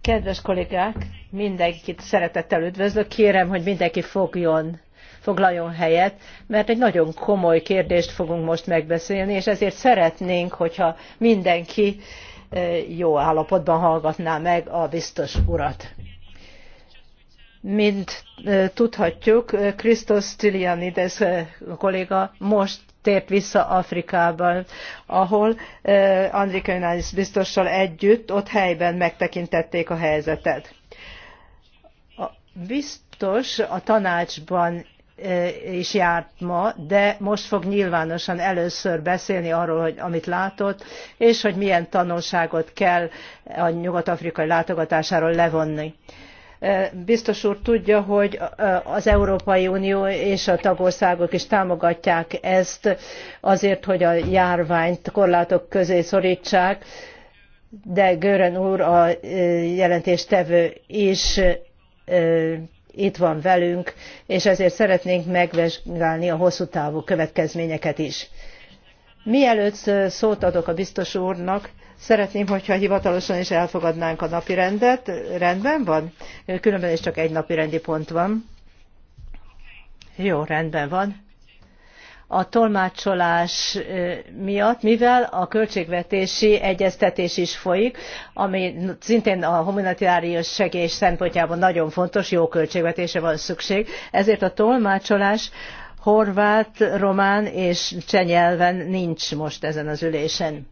Kedves kollégák, mindenkit szeretettel üdvözlök. Kérem, hogy mindenki fogjon, foglaljon helyet, mert egy nagyon komoly kérdést fogunk most megbeszélni, és ezért szeretnénk, hogyha mindenki eh, jó állapotban hallgatná meg a biztos urat. Mint eh, tudhatjuk, Krisztus eh, Stylianides kolléga most tért vissza Afrikában, ahol Andrikainális biztossal együtt ott helyben megtekintették a helyzetet. A biztos a tanácsban is járt ma, de most fog nyilvánosan először beszélni arról, hogy amit látott, és hogy milyen tanulságot kell a nyugat-afrikai látogatásáról levonni biztos úr tudja, hogy az Európai Unió és a tagországok is támogatják ezt azért, hogy a járványt korlátok közé szortsák de Gören úr, a jelentéstevő is itt van velünk, és ezért szeretnénk megvizsgálni a hosszú távú következményeket is. Mielőtt szót adok a biztos úrnak, Szeretném, hogyha hivatalosan is elfogadnánk a napi rendet. Rendben van? Különben is csak egy napi rendi pont van. Jó, rendben van. A tolmácsolás miatt, mivel a költségvetési egyeztetés is folyik, ami szintén a humanitárius segély szempontjából nagyon fontos, jó költségvetése van szükség, ezért a tolmácsolás horvát, román és cseh nyelven nincs most ezen az ülésen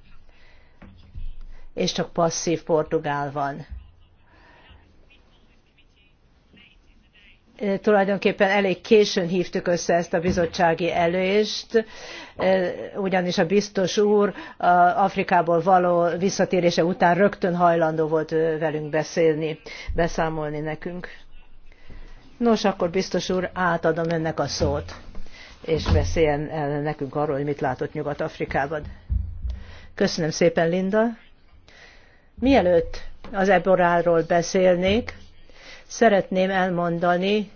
és csak passzív portugál van. tulajdonképpen elég későn hívtuk össze ezt a bizottsági előést, ugyanis a biztos úr Afrikából való visszatérése után rögtön hajlandó volt velünk beszélni, beszámolni nekünk. Nos, akkor biztos úr, átadom önnek a szót, és beszéljen el nekünk arról, hogy mit látott Nyugat-Afrikában. Köszönöm szépen, Linda. Mielőtt az eboráról beszélnék, szeretném elmondani,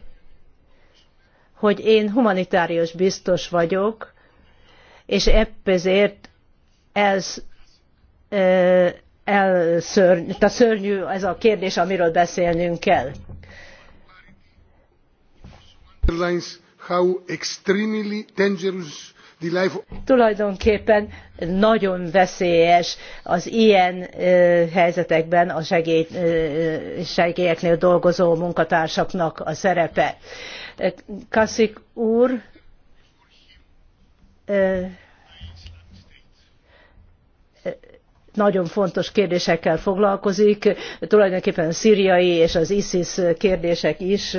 hogy én humanitárius biztos vagyok, és ezért ez szörny, a szörnyű ez a kérdés, amiről beszélnünk kell. How extremely dangerous Tulajdonképpen nagyon veszélyes az ilyen helyzetekben a segély, segélyeknél dolgozó munkatársaknak a szerepe. Kaszik úr, nagyon fontos kérdésekkel foglalkozik. Tulajdonképpen a szíriai és az ISIS kérdések is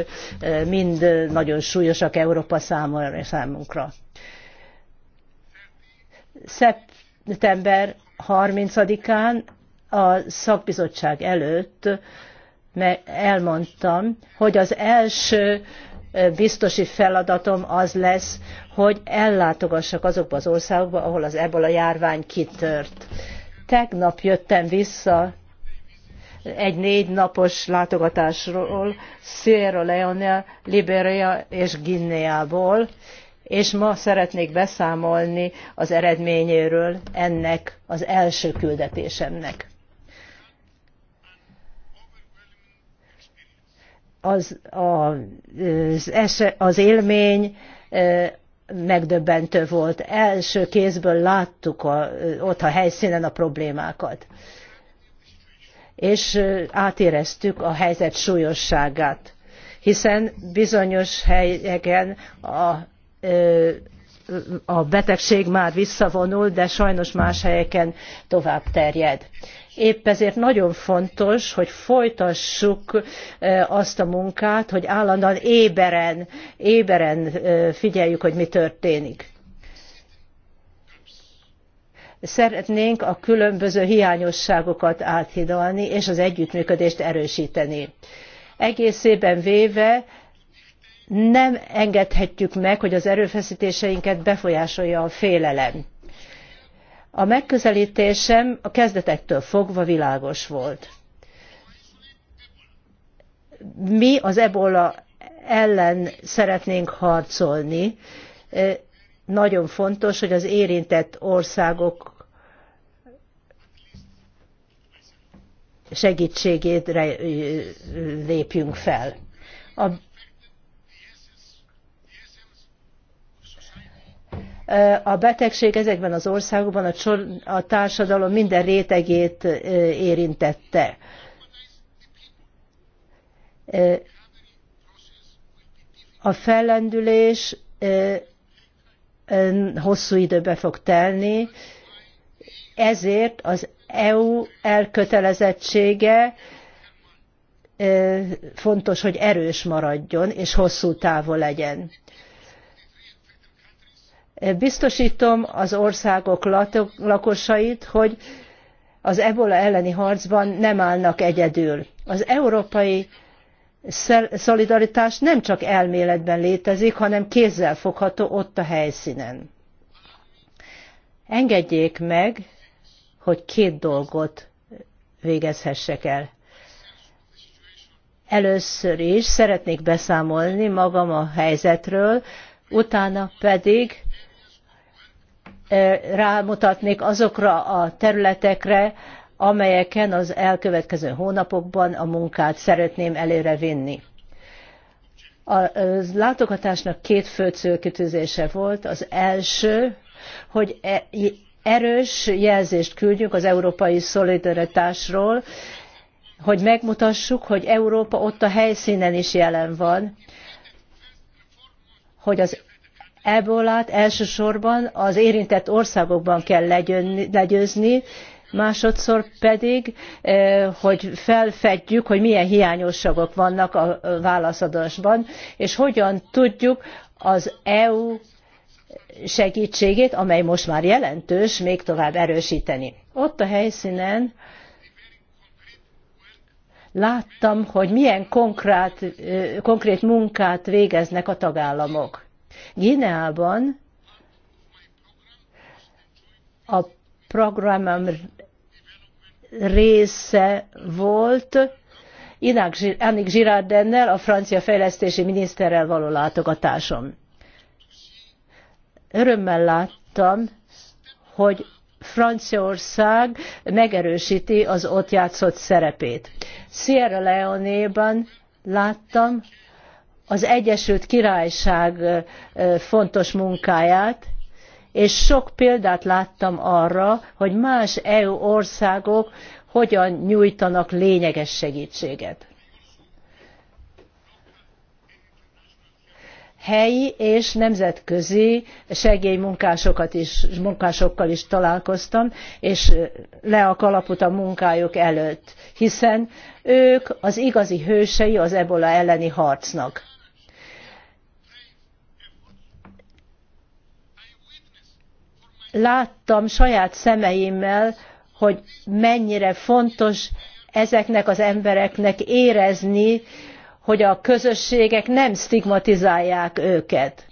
mind nagyon súlyosak Európa számára, számunkra. Szeptember 30-án a szakbizottság előtt elmondtam, hogy az első biztosi feladatom az lesz, hogy ellátogassak azokba az országokba, ahol az ebből a járvány kitört. Tegnap jöttem vissza egy négy napos látogatásról Sierra Leone, Liberia és Guineából, és ma szeretnék beszámolni az eredményéről ennek az első küldetésemnek. Az, az, az élmény megdöbbentő volt. Első kézből láttuk a, ott a helyszínen a problémákat. És átéreztük a helyzet súlyosságát, hiszen bizonyos helyeken a a betegség már visszavonul, de sajnos más helyeken tovább terjed. Épp ezért nagyon fontos, hogy folytassuk azt a munkát, hogy állandóan éberen, éberen figyeljük, hogy mi történik. Szeretnénk a különböző hiányosságokat áthidalni és az együttműködést erősíteni. Egészében véve nem engedhetjük meg, hogy az erőfeszítéseinket befolyásolja a félelem. A megközelítésem a kezdetektől fogva világos volt. Mi az ebola ellen szeretnénk harcolni. Nagyon fontos, hogy az érintett országok segítségére lépjünk fel. A A betegség ezekben az országokban a, csor, a társadalom minden rétegét érintette. A fellendülés hosszú időbe fog telni, ezért az EU elkötelezettsége fontos, hogy erős maradjon és hosszú távol legyen. Biztosítom az országok lakosait, hogy az ebola elleni harcban nem állnak egyedül. Az európai szolidaritás nem csak elméletben létezik, hanem kézzel fogható ott a helyszínen. Engedjék meg, hogy két dolgot végezhessek el. Először is szeretnék beszámolni magam a helyzetről, utána pedig rámutatnék azokra a területekre, amelyeken az elkövetkező hónapokban a munkát szeretném előre vinni. A látogatásnak két fő célkitűzése volt. Az első, hogy e, erős jelzést küldjünk az európai szolidaritásról, hogy megmutassuk, hogy Európa ott a helyszínen is jelen van, hogy az ebolát elsősorban az érintett országokban kell legyőzni, másodszor pedig, eh, hogy felfedjük, hogy milyen hiányosságok vannak a válaszadásban, és hogyan tudjuk az EU segítségét, amely most már jelentős, még tovább erősíteni. Ott a helyszínen láttam, hogy milyen konkrét, eh, konkrét munkát végeznek a tagállamok. Gineában a programom része volt Annick Girardennel, a francia fejlesztési miniszterrel való látogatásom. Örömmel láttam, hogy Franciaország megerősíti az ott játszott szerepét. Sierra Leone-ban láttam, az Egyesült Királyság fontos munkáját, és sok példát láttam arra, hogy más EU országok hogyan nyújtanak lényeges segítséget. helyi és nemzetközi segélymunkásokat is, munkásokkal is találkoztam, és le a kalapot a munkájuk előtt, hiszen ők az igazi hősei az ebola elleni harcnak. láttam saját szemeimmel, hogy mennyire fontos ezeknek az embereknek érezni, hogy a közösségek nem stigmatizálják őket,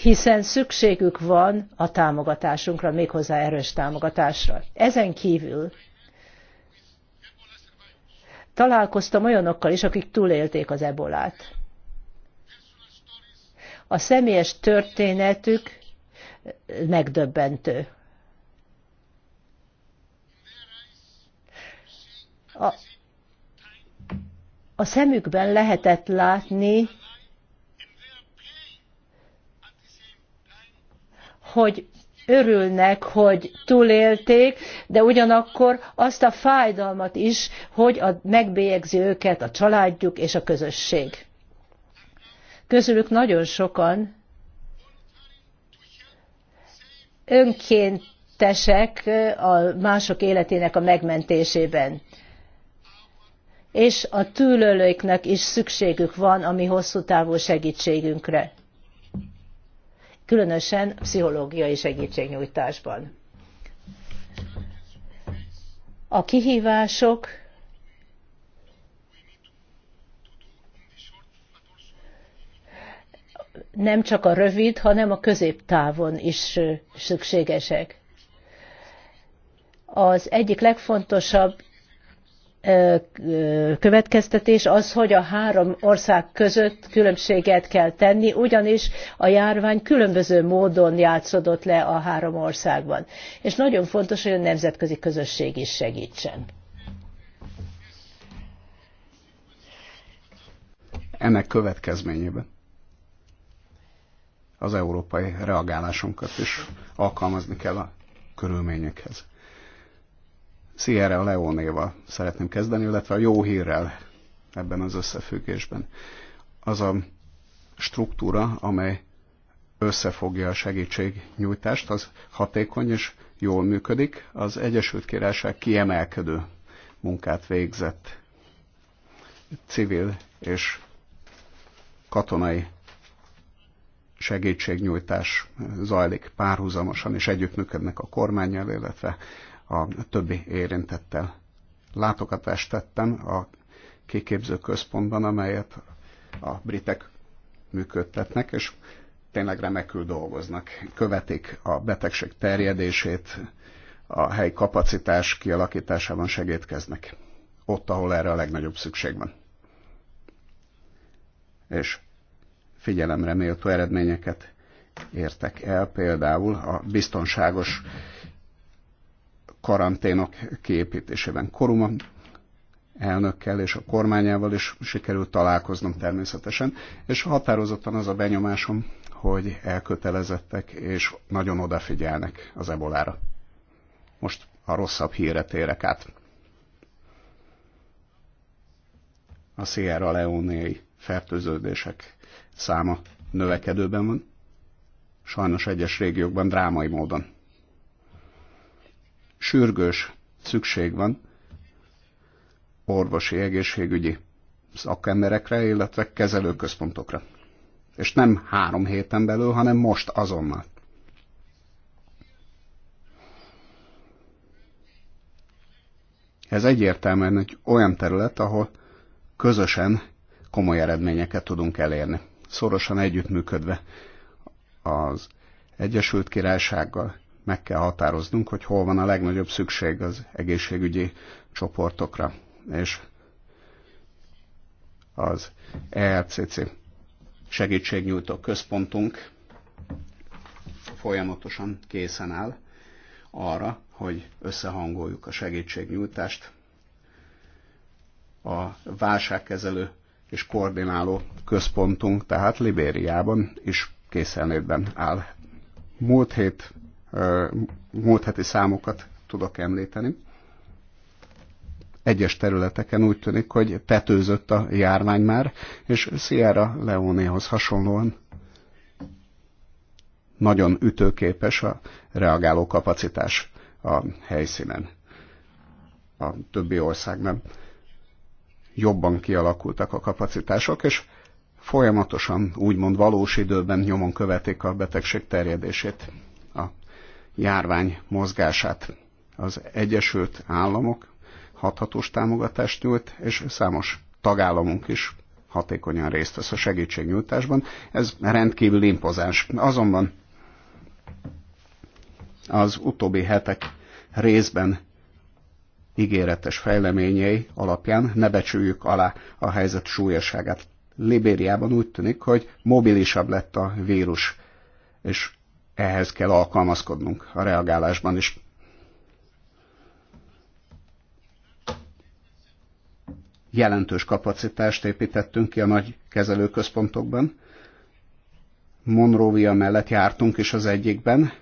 hiszen szükségük van a támogatásunkra, méghozzá erős támogatásra. Ezen kívül találkoztam olyanokkal is, akik túlélték az ebolát. A személyes történetük megdöbbentő. A, a szemükben lehetett látni, hogy örülnek, hogy túlélték, de ugyanakkor azt a fájdalmat is, hogy a, megbélyegzi őket a családjuk és a közösség közülük nagyon sokan önkéntesek a mások életének a megmentésében. És a túlölőknek is szükségük van a mi hosszú távú segítségünkre. Különösen pszichológiai segítségnyújtásban. A kihívások nem csak a rövid, hanem a középtávon is szükségesek. Az egyik legfontosabb következtetés az, hogy a három ország között különbséget kell tenni, ugyanis a járvány különböző módon játszódott le a három országban. És nagyon fontos, hogy a nemzetközi közösség is segítsen. Ennek következményében az európai reagálásunkat is alkalmazni kell a körülményekhez. Sierra Leónéval szeretném kezdeni, illetve a jó hírrel ebben az összefüggésben. Az a struktúra, amely összefogja a segítségnyújtást, az hatékony és jól működik. Az Egyesült Királyság kiemelkedő munkát végzett civil és katonai segítségnyújtás zajlik párhuzamosan, és együttműködnek a kormányjal, illetve a többi érintettel. Látogatást tettem a kiképző központban, amelyet a britek működtetnek, és tényleg remekül dolgoznak. Követik a betegség terjedését, a helyi kapacitás kialakításában segítkeznek. Ott, ahol erre a legnagyobb szükség van. És figyelemre méltó eredményeket értek el, például a biztonságos karanténok kiépítésében. Koruma elnökkel és a kormányával is sikerült találkoznom természetesen, és határozottan az a benyomásom, hogy elkötelezettek és nagyon odafigyelnek az ebolára. Most a rosszabb híre térek át. A Sierra Leone-i fertőződések száma növekedőben van. Sajnos egyes régiókban drámai módon. Sürgős szükség van orvosi, egészségügyi szakemberekre, illetve kezelőközpontokra. És nem három héten belül, hanem most azonnal. Ez egyértelműen egy olyan terület, ahol közösen komoly eredményeket tudunk elérni. Szorosan együttműködve az Egyesült Királysággal meg kell határoznunk, hogy hol van a legnagyobb szükség az egészségügyi csoportokra. És az ERCC segítségnyújtó központunk folyamatosan készen áll arra, hogy összehangoljuk a segítségnyújtást a válságkezelő és koordináló központunk, tehát Libériában is készenlétben áll. Múlt, hét, múlt heti számokat tudok említeni. Egyes területeken úgy tűnik, hogy tetőzött a járvány már, és Sierra Leonehoz hasonlóan nagyon ütőképes a reagáló kapacitás a helyszínen. A többi országban. nem jobban kialakultak a kapacitások, és folyamatosan, úgymond valós időben nyomon követik a betegség terjedését, a járvány mozgását. Az Egyesült Államok hathatós támogatást nyújt, és számos tagállamunk is hatékonyan részt vesz a segítségnyújtásban. Ez rendkívül impozáns. Azonban az utóbbi hetek részben ígéretes fejleményei alapján ne becsüljük alá a helyzet súlyosságát. Libériában úgy tűnik, hogy mobilisabb lett a vírus, és ehhez kell alkalmazkodnunk a reagálásban is. Jelentős kapacitást építettünk ki a nagy kezelőközpontokban. Monrovia mellett jártunk is az egyikben,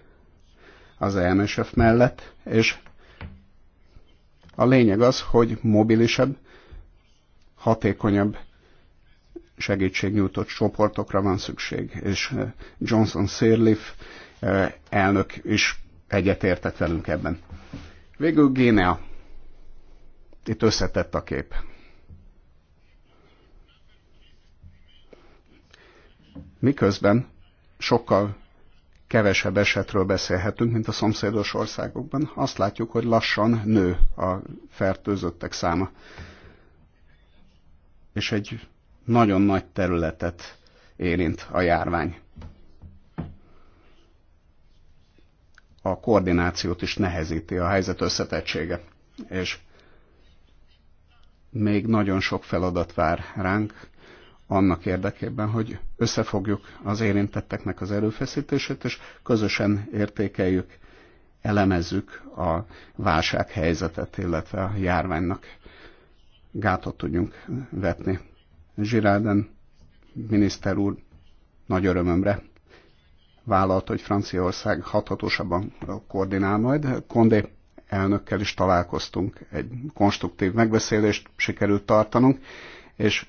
az EMSF mellett, és a lényeg az, hogy mobilisebb, hatékonyabb segítségnyújtott csoportokra van szükség, és eh, Johnson Sirleaf eh, elnök is egyetértett velünk ebben. Végül Génea. Itt összetett a kép. Miközben sokkal kevesebb esetről beszélhetünk, mint a szomszédos országokban. Azt látjuk, hogy lassan nő a fertőzöttek száma. És egy nagyon nagy területet érint a járvány. A koordinációt is nehezíti a helyzet összetettsége. És még nagyon sok feladat vár ránk, annak érdekében, hogy összefogjuk az érintetteknek az erőfeszítését, és közösen értékeljük, elemezzük a válsághelyzetet, illetve a járványnak gátot tudjunk vetni. Zsiráden miniszter úr nagy örömömre vállalt, hogy Franciaország hathatósabban koordinál majd. Kondé elnökkel is találkoztunk, egy konstruktív megbeszélést sikerült tartanunk, és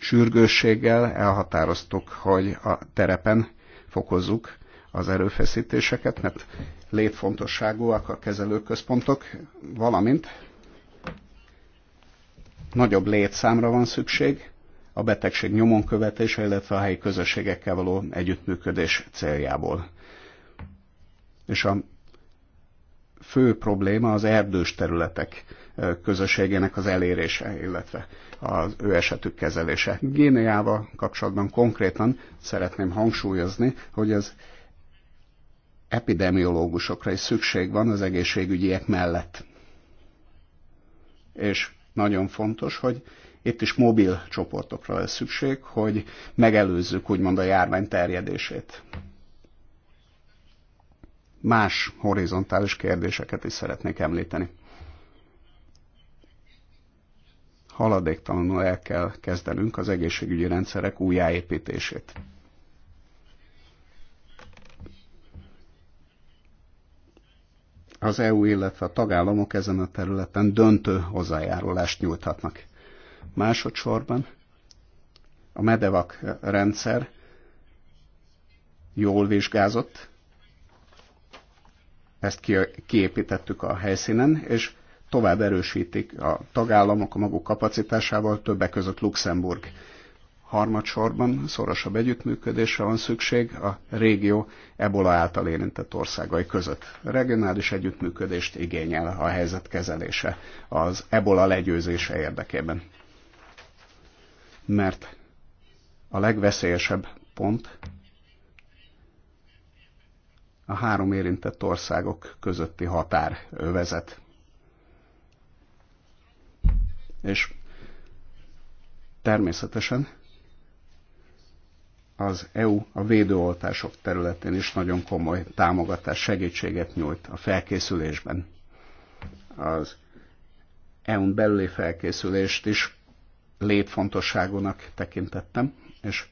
sürgősséggel elhatároztuk, hogy a terepen fokozzuk az erőfeszítéseket, mert létfontosságúak a kezelőközpontok, valamint nagyobb létszámra van szükség a betegség nyomon követése, illetve a helyi közösségekkel való együttműködés céljából. És a fő probléma az erdős területek közösségének az elérése, illetve az ő esetük kezelése. Géniával kapcsolatban konkrétan szeretném hangsúlyozni, hogy az epidemiológusokra is szükség van az egészségügyiek mellett. És nagyon fontos, hogy itt is mobil csoportokra lesz szükség, hogy megelőzzük úgymond a járvány terjedését más horizontális kérdéseket is szeretnék említeni. Haladéktalanul el kell kezdenünk az egészségügyi rendszerek újjáépítését. Az EU, illetve a tagállamok ezen a területen döntő hozzájárulást nyújthatnak. Másodszorban a Medevak rendszer jól vizsgázott, ezt kiépítettük a helyszínen, és tovább erősítik a tagállamok a maguk kapacitásával, többek között Luxemburg. Harmadsorban szorosabb együttműködésre van szükség a régió ebola által érintett országai között. Regionális együttműködést igényel a helyzet kezelése az ebola legyőzése érdekében. Mert a legveszélyesebb pont a három érintett országok közötti határ vezet, És természetesen az EU a védőoltások területén is nagyon komoly támogatás, segítséget nyújt a felkészülésben. Az EU-n belüli felkészülést is létfontosságúnak tekintettem, és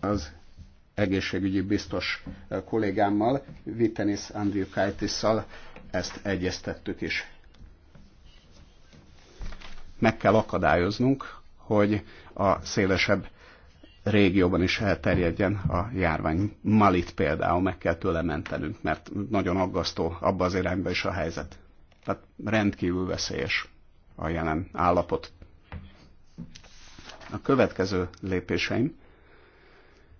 az egészségügyi biztos eh, kollégámmal, Vitenis Andriukaitis-szal ezt egyeztettük is. Meg kell akadályoznunk, hogy a szélesebb régióban is elterjedjen a járvány. Malit például meg kell tőle mentenünk, mert nagyon aggasztó abba az irányba is a helyzet. Tehát rendkívül veszélyes a jelen állapot. A következő lépéseim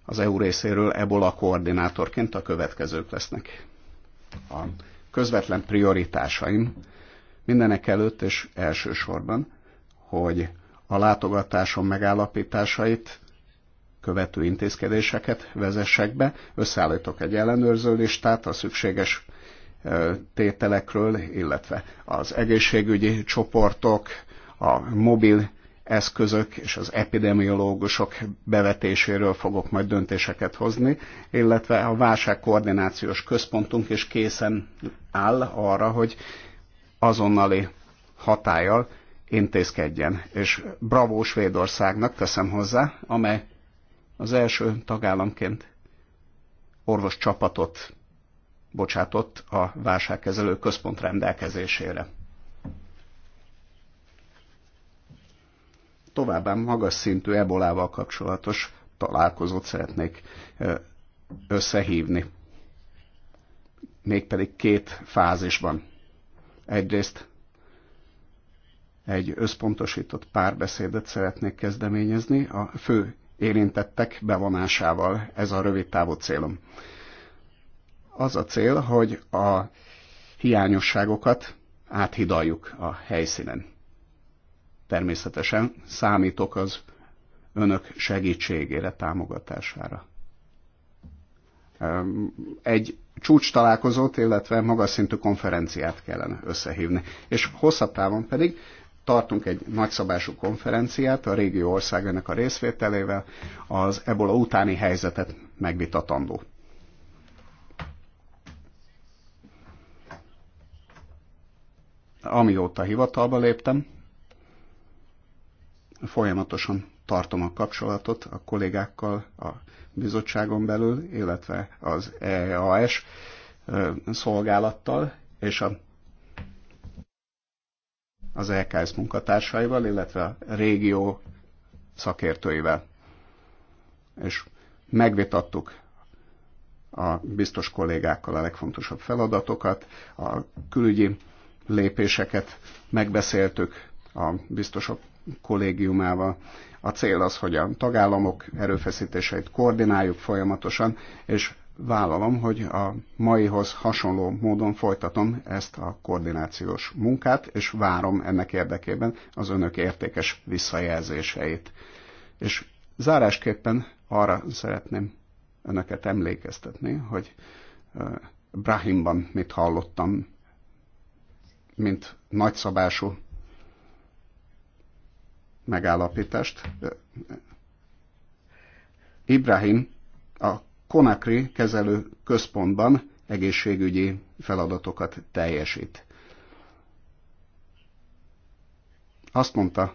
az EU részéről ebola koordinátorként a következők lesznek. A közvetlen prioritásaim mindenek előtt és elsősorban, hogy a látogatásom megállapításait követő intézkedéseket vezessek be, összeállítok egy ellenőrző listát a szükséges tételekről, illetve az egészségügyi csoportok, a mobil eszközök és az epidemiológusok bevetéséről fogok majd döntéseket hozni, illetve a válságkoordinációs központunk is készen áll arra, hogy azonnali hatállyal intézkedjen. És bravo Svédországnak teszem hozzá, amely az első tagállamként orvos csapatot bocsátott a válságkezelő központ rendelkezésére. továbbá magas szintű ebolával kapcsolatos találkozót szeretnék összehívni. Mégpedig két fázisban. Egyrészt egy összpontosított párbeszédet szeretnék kezdeményezni a fő érintettek bevonásával. Ez a rövid távú célom. Az a cél, hogy a hiányosságokat áthidaljuk a helyszínen természetesen számítok az önök segítségére, támogatására. Ehm, egy csúcs találkozót, illetve magas szintű konferenciát kellene összehívni. És hosszabb távon pedig tartunk egy nagyszabású konferenciát a régió országának a részvételével, az ebola utáni helyzetet megvitatandó. Amióta hivatalba léptem, folyamatosan tartom a kapcsolatot a kollégákkal a bizottságon belül, illetve az EAS szolgálattal és a, az EKS munkatársaival, illetve a régió szakértőivel. És megvitattuk a biztos kollégákkal a legfontosabb feladatokat, a külügyi lépéseket megbeszéltük a biztosok kollégiumával. A cél az, hogy a tagállamok erőfeszítéseit koordináljuk folyamatosan, és vállalom, hogy a maihoz hasonló módon folytatom ezt a koordinációs munkát, és várom ennek érdekében az önök értékes visszajelzéseit. És zárásképpen arra szeretném önöket emlékeztetni, hogy Brahimban mit hallottam, mint nagyszabású megállapítást. Ibrahim a Konakri kezelő központban egészségügyi feladatokat teljesít. Azt mondta,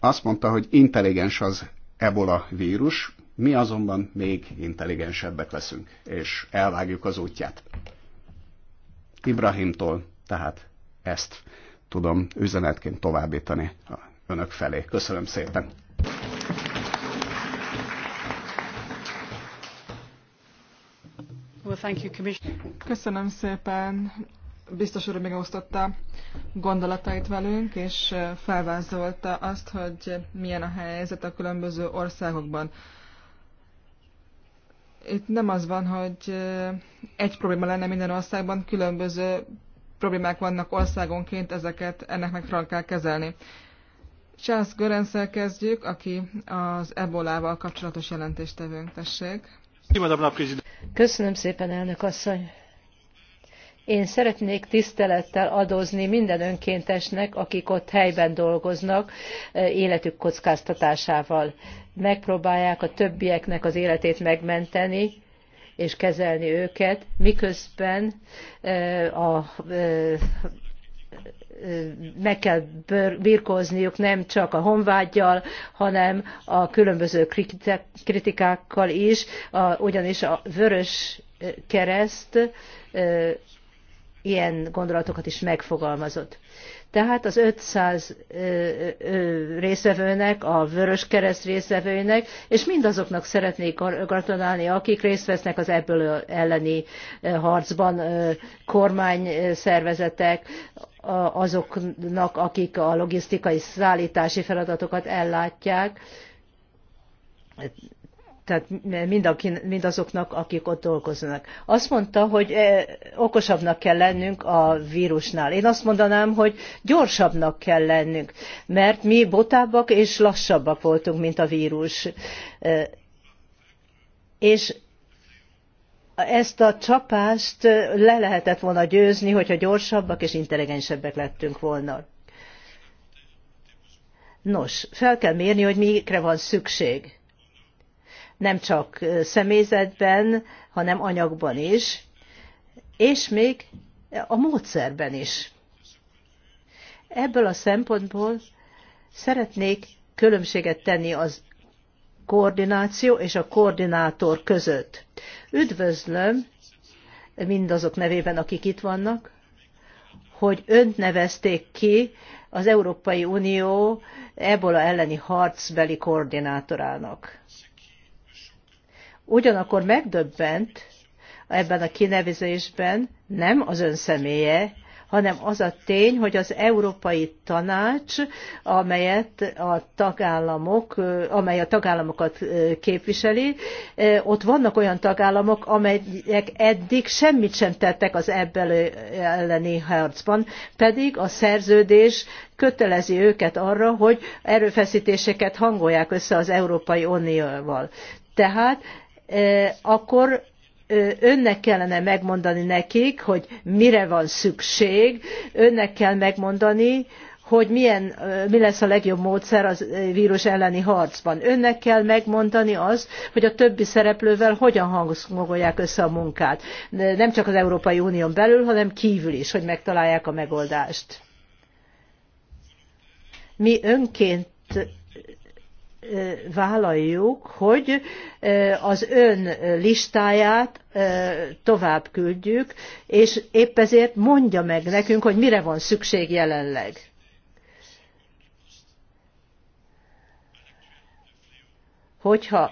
azt mondta, hogy intelligens az ebola vírus, mi azonban még intelligensebbek leszünk, és elvágjuk az útját. Ibrahimtól, tehát ezt tudom üzenetként továbbítani a önök felé. Köszönöm szépen! Köszönöm szépen, biztos úr megosztotta gondolatait velünk, és felvázolta azt, hogy milyen a helyzet a különböző országokban itt nem az van, hogy egy probléma lenne minden országban, különböző problémák vannak országonként, ezeket ennek meg fel kell kezelni. Charles Görenszel kezdjük, aki az ebolával kapcsolatos jelentéstevőnk, tessék. Köszönöm szépen, elnök asszony. Én szeretnék tisztelettel adózni minden önkéntesnek, akik ott helyben dolgoznak, életük kockáztatásával megpróbálják a többieknek az életét megmenteni, és kezelni őket, miközben a, meg kell birkózniuk nem csak a honvágyjal, hanem a különböző kritikákkal is, ugyanis a vörös kereszt ilyen gondolatokat is megfogalmazott. Tehát az 500 részvevőnek, a Vörös Kereszt részvevőinek, és mindazoknak szeretnék gratulálni, akik részt vesznek az ebből elleni harcban, kormányszervezetek, azoknak, akik a logisztikai szállítási feladatokat ellátják, tehát mindazoknak, akik ott dolgoznak. Azt mondta, hogy eh, okosabbnak kell lennünk a vírusnál. Én azt mondanám, hogy gyorsabbnak kell lennünk, mert mi botábbak és lassabbak voltunk, mint a vírus. Eh, és ezt a csapást eh, le lehetett volna győzni, hogyha gyorsabbak és intelligensebbek lettünk volna. Nos, fel kell mérni, hogy mikre van szükség nem csak személyzetben, hanem anyagban is, és még a módszerben is. Ebből a szempontból szeretnék különbséget tenni az koordináció és a koordinátor között. Üdvözlöm mindazok nevében, akik itt vannak, hogy önt nevezték ki az Európai Unió ebola elleni harcbeli koordinátorának. Ugyanakkor megdöbbent ebben a kinevezésben nem az ön személye, hanem az a tény, hogy az Európai Tanács, amelyet a tagállamok, amely a tagállamokat képviseli, ott vannak olyan tagállamok, amelyek eddig semmit sem tettek az ebből elleni harcban, pedig a szerződés kötelezi őket arra, hogy erőfeszítéseket hangolják össze az Európai Unióval. Tehát akkor önnek kellene megmondani nekik, hogy mire van szükség, önnek kell megmondani, hogy milyen, mi lesz a legjobb módszer az vírus elleni harcban. Önnek kell megmondani azt, hogy a többi szereplővel hogyan hangolják össze a munkát. Nem csak az Európai Unión belül, hanem kívül is, hogy megtalálják a megoldást. Mi önként vállaljuk, hogy az ön listáját tovább küldjük, és épp ezért mondja meg nekünk, hogy mire van szükség jelenleg. Hogyha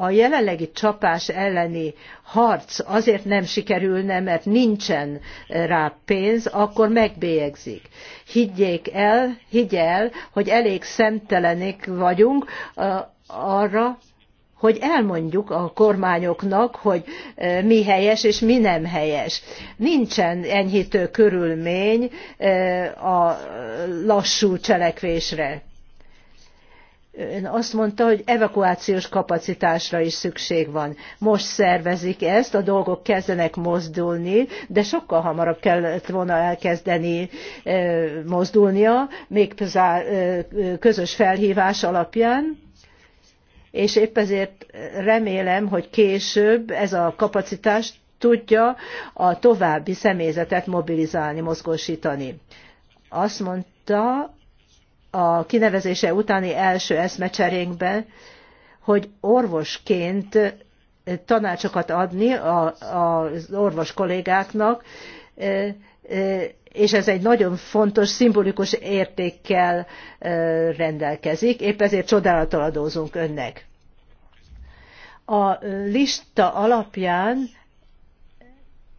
a jelenlegi csapás elleni harc azért nem sikerülne, mert nincsen rá pénz, akkor megbélyegzik. Higgyék el, el, hogy elég szemtelenek vagyunk uh, arra, hogy elmondjuk a kormányoknak, hogy uh, mi helyes és mi nem helyes. Nincsen enyhítő körülmény uh, a lassú cselekvésre Ön azt mondta, hogy evakuációs kapacitásra is szükség van. Most szervezik ezt, a dolgok kezdenek mozdulni, de sokkal hamarabb kellett volna elkezdeni mozdulnia, még közös felhívás alapján, és épp ezért remélem, hogy később ez a kapacitás tudja a további személyzetet mobilizálni, mozgósítani. Azt mondta, a kinevezése utáni első eszmecserénkben, hogy orvosként tanácsokat adni az orvos kollégáknak, e, e, és ez egy nagyon fontos, szimbolikus értékkel e, rendelkezik, épp ezért csodálatot adózunk önnek. A lista alapján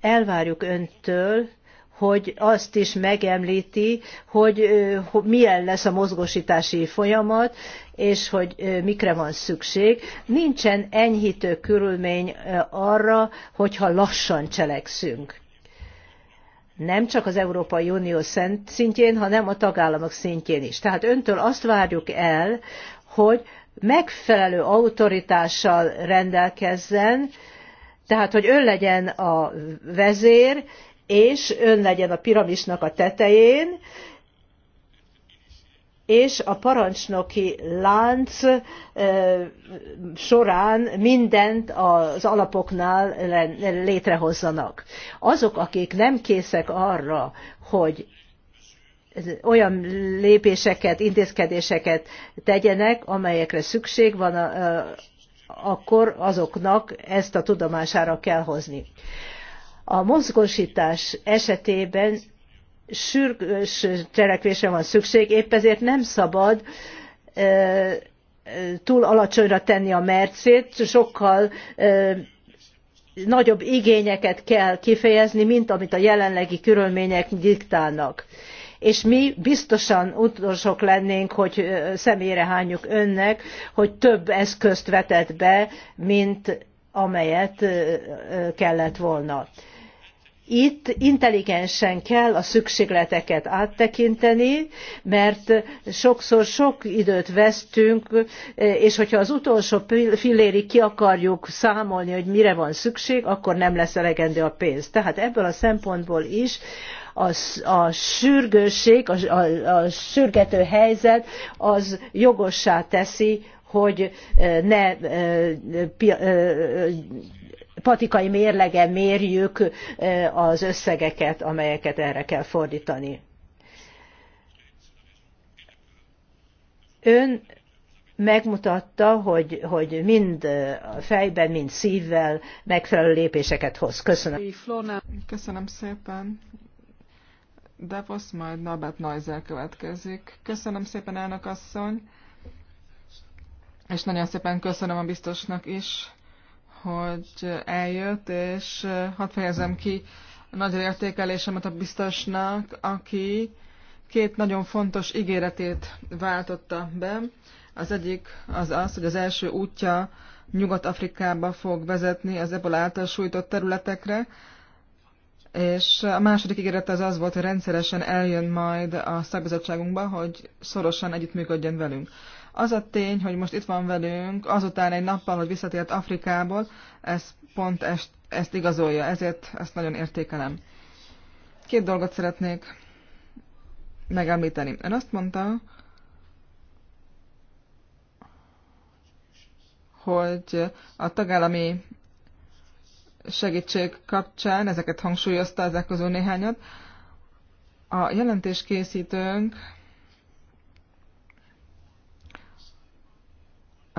elvárjuk öntől, hogy azt is megemlíti, hogy milyen lesz a mozgósítási folyamat, és hogy mikre van szükség. Nincsen enyhítő körülmény arra, hogyha lassan cselekszünk nem csak az Európai Unió szintjén, hanem a tagállamok szintjén is. Tehát öntől azt várjuk el, hogy megfelelő autoritással rendelkezzen, tehát hogy ön legyen a vezér, és ön legyen a piramisnak a tetején, és a parancsnoki lánc során mindent az alapoknál létrehozzanak. Azok, akik nem készek arra, hogy olyan lépéseket, intézkedéseket tegyenek, amelyekre szükség van, akkor azoknak ezt a tudomására kell hozni. A mozgósítás esetében sürgős cselekvésre van szükség, épp ezért nem szabad túl alacsonyra tenni a mercét, sokkal nagyobb igényeket kell kifejezni, mint amit a jelenlegi körülmények diktálnak. És mi biztosan utolsók lennénk, hogy személyre hányjuk önnek, hogy több eszközt vetett be, mint amelyet kellett volna. Itt intelligensen kell a szükségleteket áttekinteni, mert sokszor sok időt vesztünk, és hogyha az utolsó fillérig ki akarjuk számolni, hogy mire van szükség, akkor nem lesz elegendő a pénz. Tehát ebből a szempontból is a, a sürgősség, a, a, a sürgető helyzet az jogossá teszi, hogy eh, ne eh, eh, patikai mérlege mérjük az összegeket, amelyeket erre kell fordítani. Ön megmutatta, hogy, hogy mind fejben, mind szívvel megfelelő lépéseket hoz. Köszönöm. Köszönöm szépen. Davos, majd Norbert Neuser következik. Köszönöm szépen, elnök asszony, és nagyon szépen köszönöm a biztosnak is hogy eljött, és hadd fejezem ki a nagy értékelésemet a biztosnak, aki két nagyon fontos ígéretét váltotta be. Az egyik az az, hogy az első útja Nyugat-Afrikába fog vezetni az ebola által sújtott területekre, és a második ígéret az az volt, hogy rendszeresen eljön majd a szakbizottságunkba, hogy szorosan együttműködjön velünk. Az a tény, hogy most itt van velünk, azután egy nappal, hogy visszatért Afrikából, ez pont est, ezt igazolja, ezért ezt nagyon értékelem. Két dolgot szeretnék megemlíteni. Ön azt mondta, hogy a tagállami segítség kapcsán, ezeket hangsúlyozta ezek közül néhányat, a jelentéskészítőnk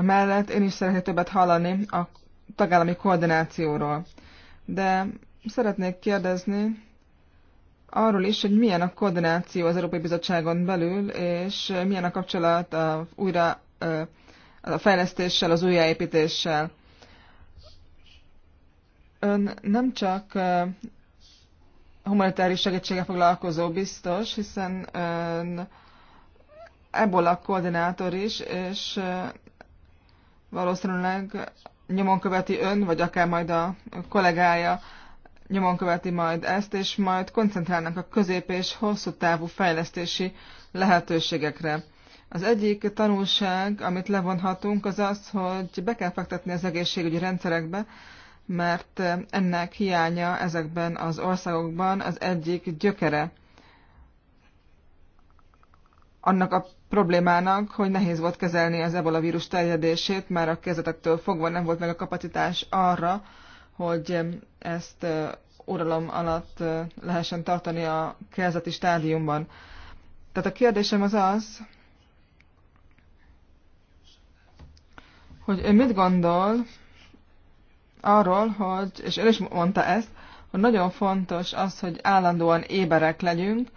mellett én is szeretnék többet hallani a tagállami koordinációról. De szeretnék kérdezni arról is, hogy milyen a koordináció az Európai Bizottságon belül, és milyen a kapcsolat a újra a fejlesztéssel, az újjáépítéssel. Ön nem csak humanitárius segítsége foglalkozó biztos, hiszen ebből a koordinátor is, és valószínűleg nyomon követi ön, vagy akár majd a kollégája nyomon követi majd ezt, és majd koncentrálnak a közép és hosszú távú fejlesztési lehetőségekre. Az egyik tanulság, amit levonhatunk, az az, hogy be kell fektetni az egészségügyi rendszerekbe, mert ennek hiánya ezekben az országokban az egyik gyökere annak a problémának, hogy nehéz volt kezelni az ebola vírus terjedését, már a kezdetektől fogva nem volt meg a kapacitás arra, hogy ezt uralom alatt lehessen tartani a kezdeti stádiumban. Tehát a kérdésem az az, hogy ő mit gondol arról, hogy, és ő is mondta ezt, hogy nagyon fontos az, hogy állandóan éberek legyünk,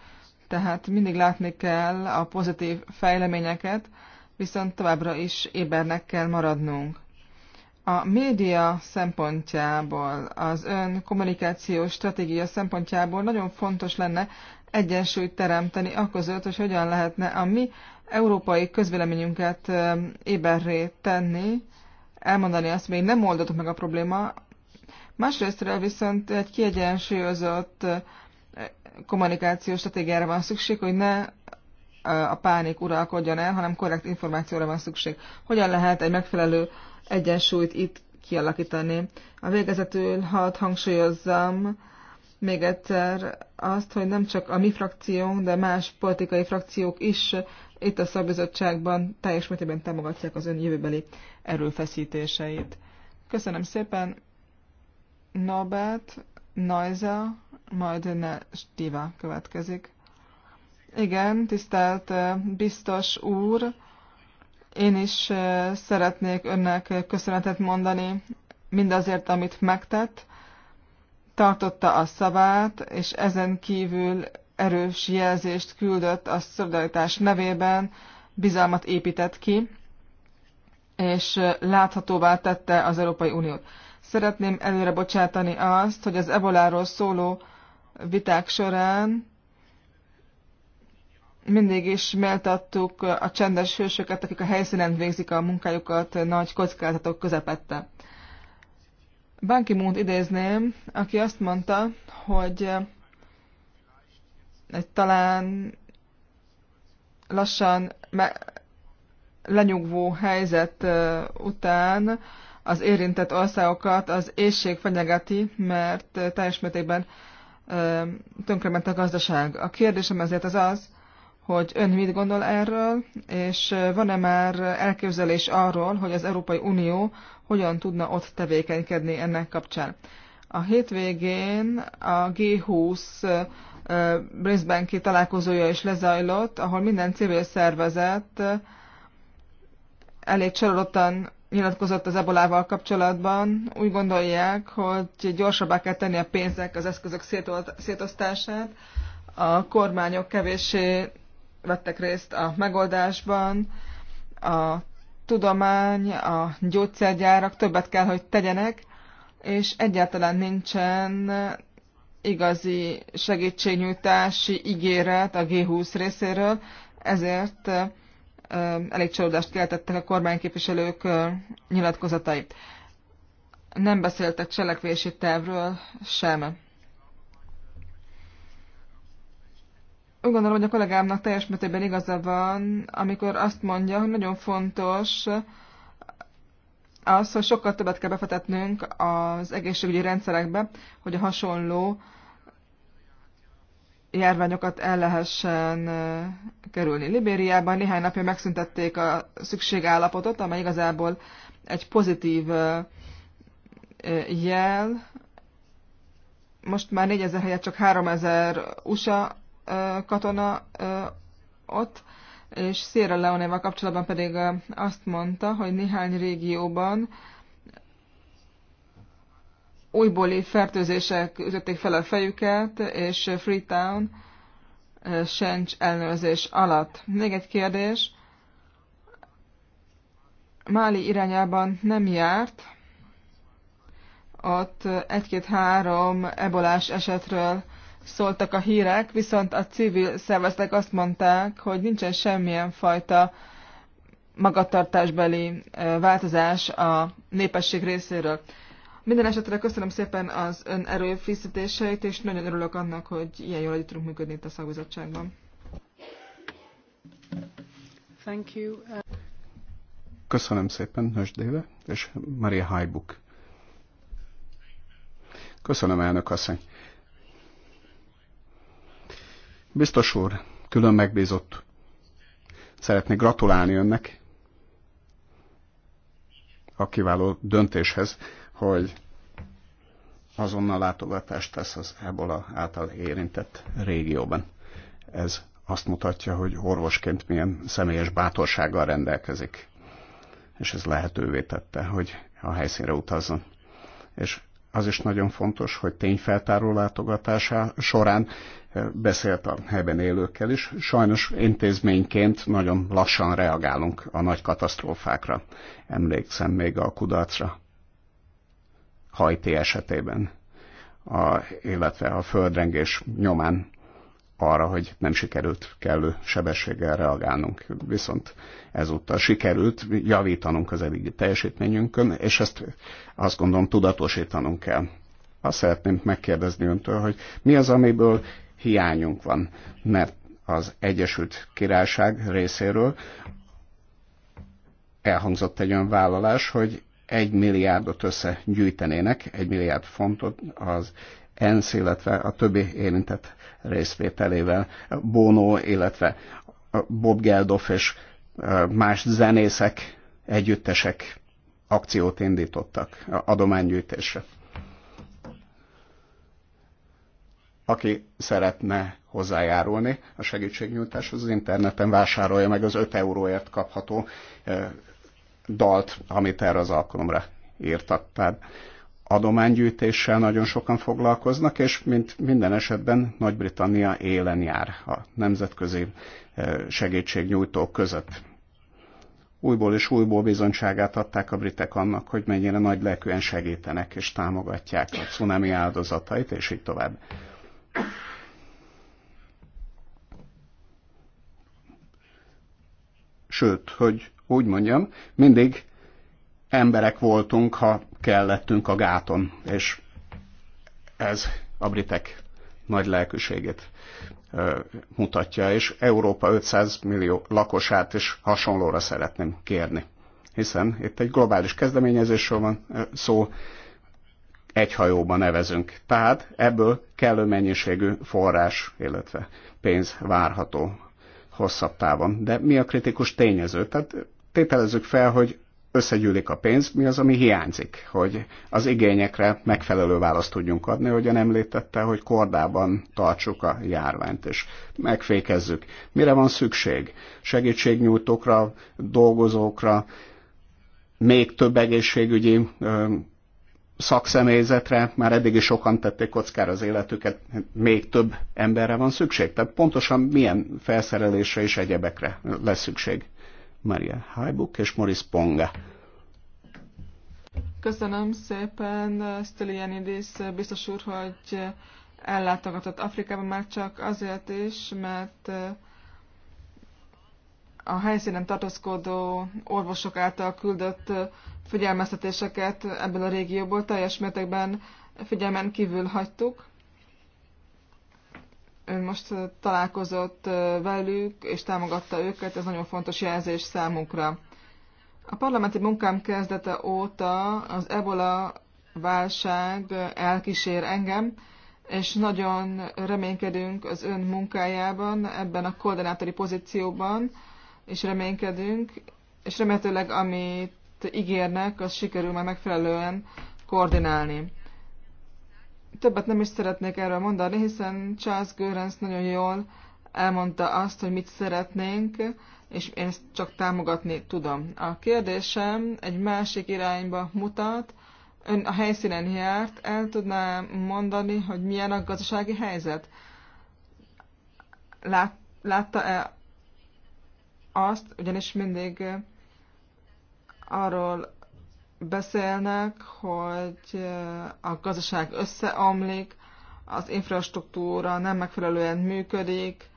tehát mindig látni kell a pozitív fejleményeket, viszont továbbra is ébernek kell maradnunk. A média szempontjából, az ön kommunikációs stratégia szempontjából nagyon fontos lenne egyensúlyt teremteni aközött, hogy hogyan lehetne a mi európai közvéleményünket éberré tenni, elmondani azt, még nem oldottuk meg a probléma. Másrésztről viszont egy kiegyensúlyozott kommunikációs stratégiára van szükség, hogy ne a pánik uralkodjon el, hanem korrekt információra van szükség. Hogyan lehet egy megfelelő egyensúlyt itt kialakítani? A végezetül hadd hangsúlyozzam még egyszer azt, hogy nem csak a mi frakciónk, de más politikai frakciók is itt a szakbizottságban teljes mértékben támogatják az ön jövőbeli erőfeszítéseit. Köszönöm szépen, Norbert, Noiza, majd ne Stiva következik. Igen, tisztelt biztos úr, én is szeretnék önnek köszönetet mondani mindazért, amit megtett. Tartotta a szavát, és ezen kívül erős jelzést küldött a szolidaritás nevében, bizalmat épített ki, és láthatóvá tette az Európai Uniót. Szeretném előre bocsátani azt, hogy az eboláról szóló viták során mindig is méltattuk a csendes hősöket, akik a helyszínen végzik a munkájukat nagy kockázatok közepette. Banki ki idézném, aki azt mondta, hogy egy talán lassan lenyugvó helyzet után az érintett országokat az éjség fenyegeti, mert teljes mértékben tönkrement a gazdaság. A kérdésem ezért az az, hogy ön mit gondol erről, és van-e már elképzelés arról, hogy az Európai Unió hogyan tudna ott tevékenykedni ennek kapcsán. A hétvégén a G20 Brisbane-ki találkozója is lezajlott, ahol minden civil szervezet elég csalódottan nyilatkozott az ebolával kapcsolatban. Úgy gondolják, hogy gyorsabbá kell tenni a pénzek, az eszközök szétosztását. A kormányok kevéssé vettek részt a megoldásban. A tudomány, a gyógyszergyárak többet kell, hogy tegyenek, és egyáltalán nincsen igazi segítségnyújtási ígéret a G20 részéről, ezért elég csalódást keltettek a kormányképviselők nyilatkozatai. Nem beszéltek cselekvési tervről sem. úgy gondolom, hogy a kollégámnak teljes mértékben igaza van, amikor azt mondja, hogy nagyon fontos az, hogy sokkal többet kell befetetnünk az egészségügyi rendszerekbe, hogy a hasonló járványokat el lehessen kerülni. Libériában néhány napja megszüntették a szükségállapotot, amely igazából egy pozitív jel. Most már 4000 helyett csak 3000 USA katona ott, és Sierra Leone-val kapcsolatban pedig azt mondta, hogy néhány régióban újbóli fertőzések ütötték fel a fejüket, és Freetown sencs ellenőrzés alatt. Még egy kérdés. Máli irányában nem járt, ott egy-két-három ebolás esetről szóltak a hírek, viszont a civil szervezetek azt mondták, hogy nincsen semmilyen fajta magatartásbeli változás a népesség részéről. Minden esetre köszönöm szépen az ön erőfészítéseit, és nagyon örülök annak, hogy ilyen jól együtt tudunk működni itt a szakbizottságban. Thank you. Köszönöm szépen, Nösdéve, és Maria Hajbuk. Köszönöm, elnök asszony. Biztos úr, külön megbízott. Szeretnék gratulálni önnek a kiváló döntéshez, hogy azonnal látogatást tesz az ebola által érintett régióban. Ez azt mutatja, hogy orvosként milyen személyes bátorsággal rendelkezik. És ez lehetővé tette, hogy a helyszínre utazzon. És az is nagyon fontos, hogy tényfeltáró látogatása során eh, beszélt a helyben élőkkel is. Sajnos intézményként nagyon lassan reagálunk a nagy katasztrófákra. Emlékszem még a kudarcra, hajti esetében, a, illetve a földrengés nyomán arra, hogy nem sikerült kellő sebességgel reagálnunk. Viszont ezúttal sikerült javítanunk az eddigi teljesítményünkön, és ezt azt gondolom tudatosítanunk kell. Azt szeretném megkérdezni öntől, hogy mi az, amiből hiányunk van, mert az Egyesült Királyság részéről elhangzott egy olyan vállalás, hogy egy milliárdot összegyűjtenének, egy milliárd fontot az ENSZ, illetve a többi érintett részvételével, Bono, illetve Bob Geldof és más zenészek, együttesek akciót indítottak adománygyűjtésre. Aki szeretne hozzájárulni a segítségnyújtáshoz, az interneten vásárolja meg az 5 euróért kapható dalt, amit erre az alkalomra írtak. Tehát adománygyűjtéssel nagyon sokan foglalkoznak, és mint minden esetben Nagy-Britannia élen jár a nemzetközi eh, segítségnyújtók között. Újból és újból bizonyságát adták a britek annak, hogy mennyire nagy lelkűen segítenek és támogatják a cunami áldozatait, és így tovább. Sőt, hogy úgy mondjam, mindig emberek voltunk, ha kellettünk a gáton, és ez a britek nagy lelkűségét mutatja, és Európa 500 millió lakosát is hasonlóra szeretném kérni. Hiszen itt egy globális kezdeményezésről van szó, egy hajóba nevezünk. Tehát ebből kellő mennyiségű forrás, illetve pénz várható hosszabb távon. De mi a kritikus tényező? Tehát tételezzük fel, hogy összegyűlik a pénz, mi az, ami hiányzik, hogy az igényekre megfelelő választ tudjunk adni, nem említette, hogy kordában tartsuk a járványt, és megfékezzük. Mire van szükség? Segítségnyújtókra, dolgozókra, még több egészségügyi ö, szakszemélyzetre, már eddig is sokan tették kockára az életüket, még több emberre van szükség. Tehát pontosan milyen felszerelésre és egyebekre lesz szükség. Maria Hajbuk és Moris Ponga. Köszönöm szépen Stylianidis biztos úr, hogy ellátogatott Afrikában már csak azért is, mert a helyszínen tartózkodó orvosok által küldött figyelmeztetéseket ebből a régióból teljes mértékben figyelmen kívül hagytuk ön most találkozott velük és támogatta őket, ez nagyon fontos jelzés számunkra. A parlamenti munkám kezdete óta az ebola válság elkísér engem, és nagyon reménykedünk az ön munkájában, ebben a koordinátori pozícióban, és reménykedünk, és remélhetőleg amit ígérnek, az sikerül már megfelelően koordinálni. Többet nem is szeretnék erről mondani, hiszen Charles Görens nagyon jól elmondta azt, hogy mit szeretnénk, és én ezt csak támogatni tudom. A kérdésem egy másik irányba mutat. Ön a helyszínen járt, el tudná mondani, hogy milyen a gazdasági helyzet? Lát, Látta-e azt, ugyanis mindig arról beszélnek, hogy eh, a gazdaság összeomlik, az infrastruktúra nem megfelelően működik,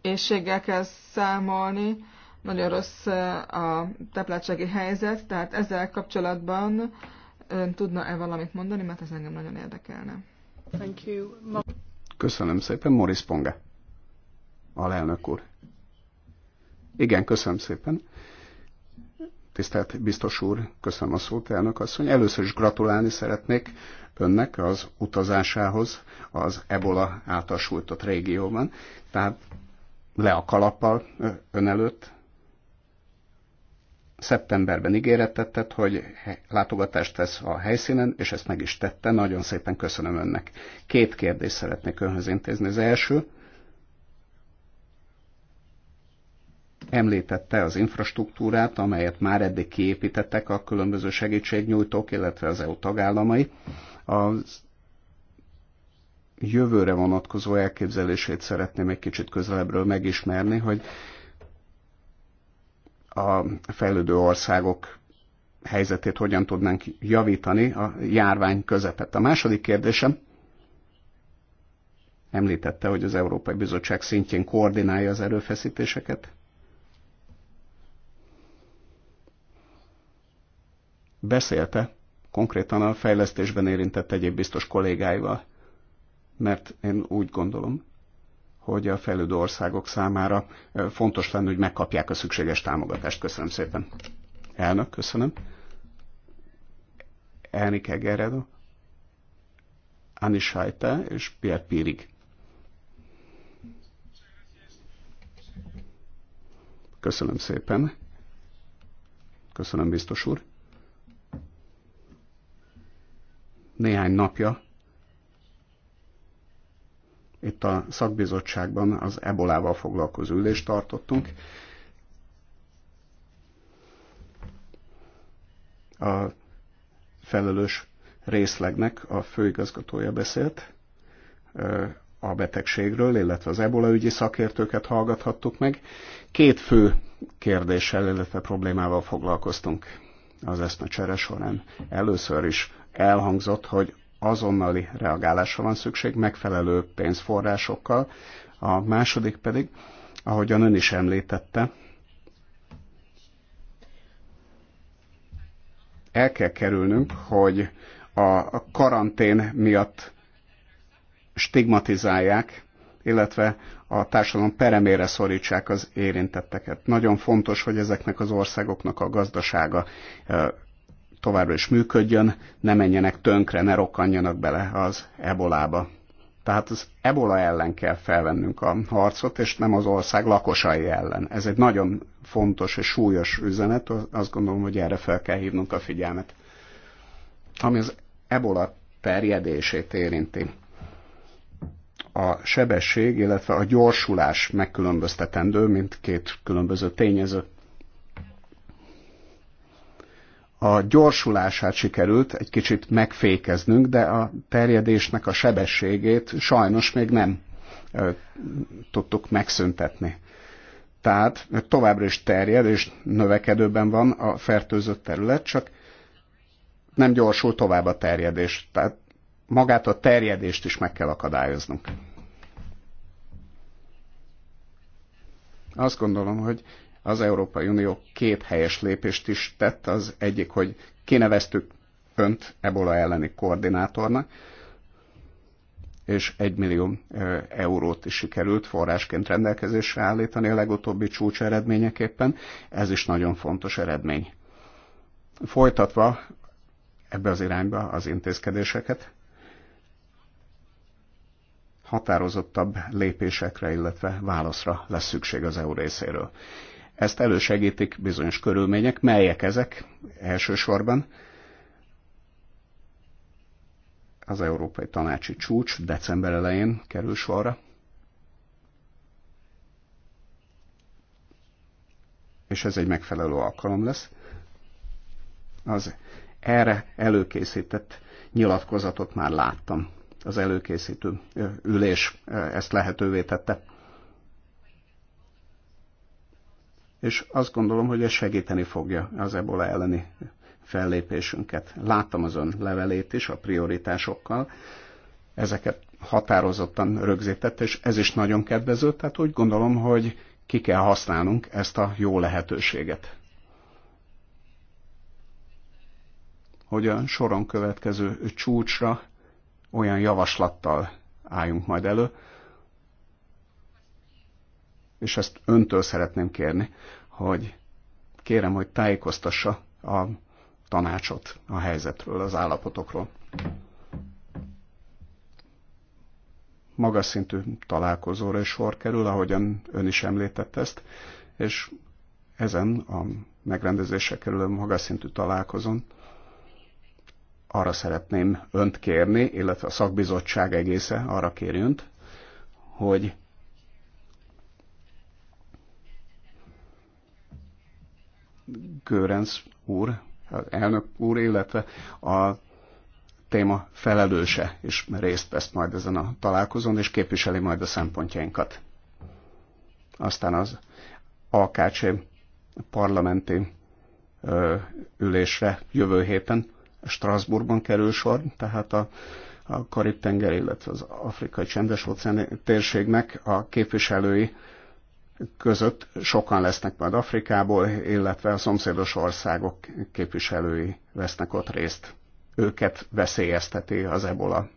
éjséggel kell számolni, nagyon rossz eh, a teplátsági helyzet, tehát ezzel kapcsolatban ön tudna-e valamit mondani, mert ez engem nagyon érdekelne. Thank you. Köszönöm szépen, Moris Ponga, alelnök úr. Igen, köszönöm szépen. Tisztelt biztos úr, köszönöm a szót, elnök asszony. Először is gratulálni szeretnék önnek az utazásához az ebola által sújtott régióban. Tehát le a kalappal ön előtt. Szeptemberben ígéretet hogy látogatást tesz a helyszínen, és ezt meg is tette. Nagyon szépen köszönöm önnek. Két kérdést szeretnék önhöz intézni. Az első, említette az infrastruktúrát, amelyet már eddig kiépítettek a különböző segítségnyújtók, illetve az EU tagállamai. A jövőre vonatkozó elképzelését szeretném egy kicsit közelebbről megismerni, hogy a fejlődő országok helyzetét hogyan tudnánk javítani a járvány közepet. A második kérdésem, említette, hogy az Európai Bizottság szintjén koordinálja az erőfeszítéseket. beszélte konkrétan a fejlesztésben érintett egyéb biztos kollégáival, mert én úgy gondolom, hogy a fejlődő országok számára fontos lenne, hogy megkapják a szükséges támogatást. Köszönöm szépen. Elnök, köszönöm. Elnike Geredo, Anis Sajte és Pierre Pirig. Köszönöm szépen. Köszönöm, biztos úr. néhány napja itt a szakbizottságban az ebolával foglalkozó ülést tartottunk. A felelős részlegnek a főigazgatója beszélt a betegségről, illetve az ebola ügyi szakértőket hallgathattuk meg. Két fő kérdéssel, illetve problémával foglalkoztunk az eszmecsere során. Először is elhangzott, hogy azonnali reagálásra van szükség, megfelelő pénzforrásokkal. A második pedig, ahogyan ön is említette, el kell kerülnünk, hogy a karantén miatt stigmatizálják, illetve a társadalom peremére szorítsák az érintetteket. Nagyon fontos, hogy ezeknek az országoknak a gazdasága továbbra is működjön, ne menjenek tönkre, ne rokkanjanak bele az ebolába. Tehát az ebola ellen kell felvennünk a harcot, és nem az ország lakosai ellen. Ez egy nagyon fontos és súlyos üzenet, azt gondolom, hogy erre fel kell hívnunk a figyelmet. Ami az ebola terjedését érinti. A sebesség, illetve a gyorsulás megkülönböztetendő, mint két különböző tényező a gyorsulását sikerült egy kicsit megfékeznünk, de a terjedésnek a sebességét sajnos még nem tudtuk megszüntetni. Tehát továbbra is terjed, és növekedőben van a fertőzött terület, csak nem gyorsul tovább a terjedés. Tehát magát a terjedést is meg kell akadályoznunk. Azt gondolom, hogy az Európai Unió két helyes lépést is tett. Az egyik, hogy kineveztük önt ebola elleni koordinátornak, és 1 millió eurót is sikerült forrásként rendelkezésre állítani a legutóbbi csúcs eredményeképpen. Ez is nagyon fontos eredmény. Folytatva ebbe az irányba az intézkedéseket, határozottabb lépésekre, illetve válaszra lesz szükség az EU részéről. Ezt elősegítik bizonyos körülmények. Melyek ezek elsősorban? Az Európai Tanácsi Csúcs december elején kerül sorra. És ez egy megfelelő alkalom lesz. Az erre előkészített nyilatkozatot már láttam. Az előkészítő ülés ezt lehetővé tette. és azt gondolom, hogy ez segíteni fogja az ebola elleni fellépésünket. Láttam az ön levelét is a prioritásokkal, ezeket határozottan rögzített, és ez is nagyon kedvező, tehát úgy gondolom, hogy ki kell használnunk ezt a jó lehetőséget. Hogy a soron következő csúcsra olyan javaslattal álljunk majd elő, és ezt öntől szeretném kérni, hogy kérem, hogy tájékoztassa a tanácsot a helyzetről, az állapotokról. Magas szintű találkozóra is sor kerül, ahogyan ön is említette ezt, és ezen a megrendezésre kerülő magas szintű találkozón arra szeretném önt kérni, illetve a szakbizottság egésze arra kérjönt, hogy Görenc úr, az elnök úr, illetve a téma felelőse is részt vesz majd ezen a találkozón, és képviseli majd a szempontjainkat. Aztán az AKC parlamenti ö, ülésre jövő héten Strasbourgban kerül sor, tehát a, a Karib-tenger, illetve az afrikai csendes óceáni térségnek a képviselői között sokan lesznek majd Afrikából, illetve a szomszédos országok képviselői vesznek ott részt. Őket veszélyezteti az ebola.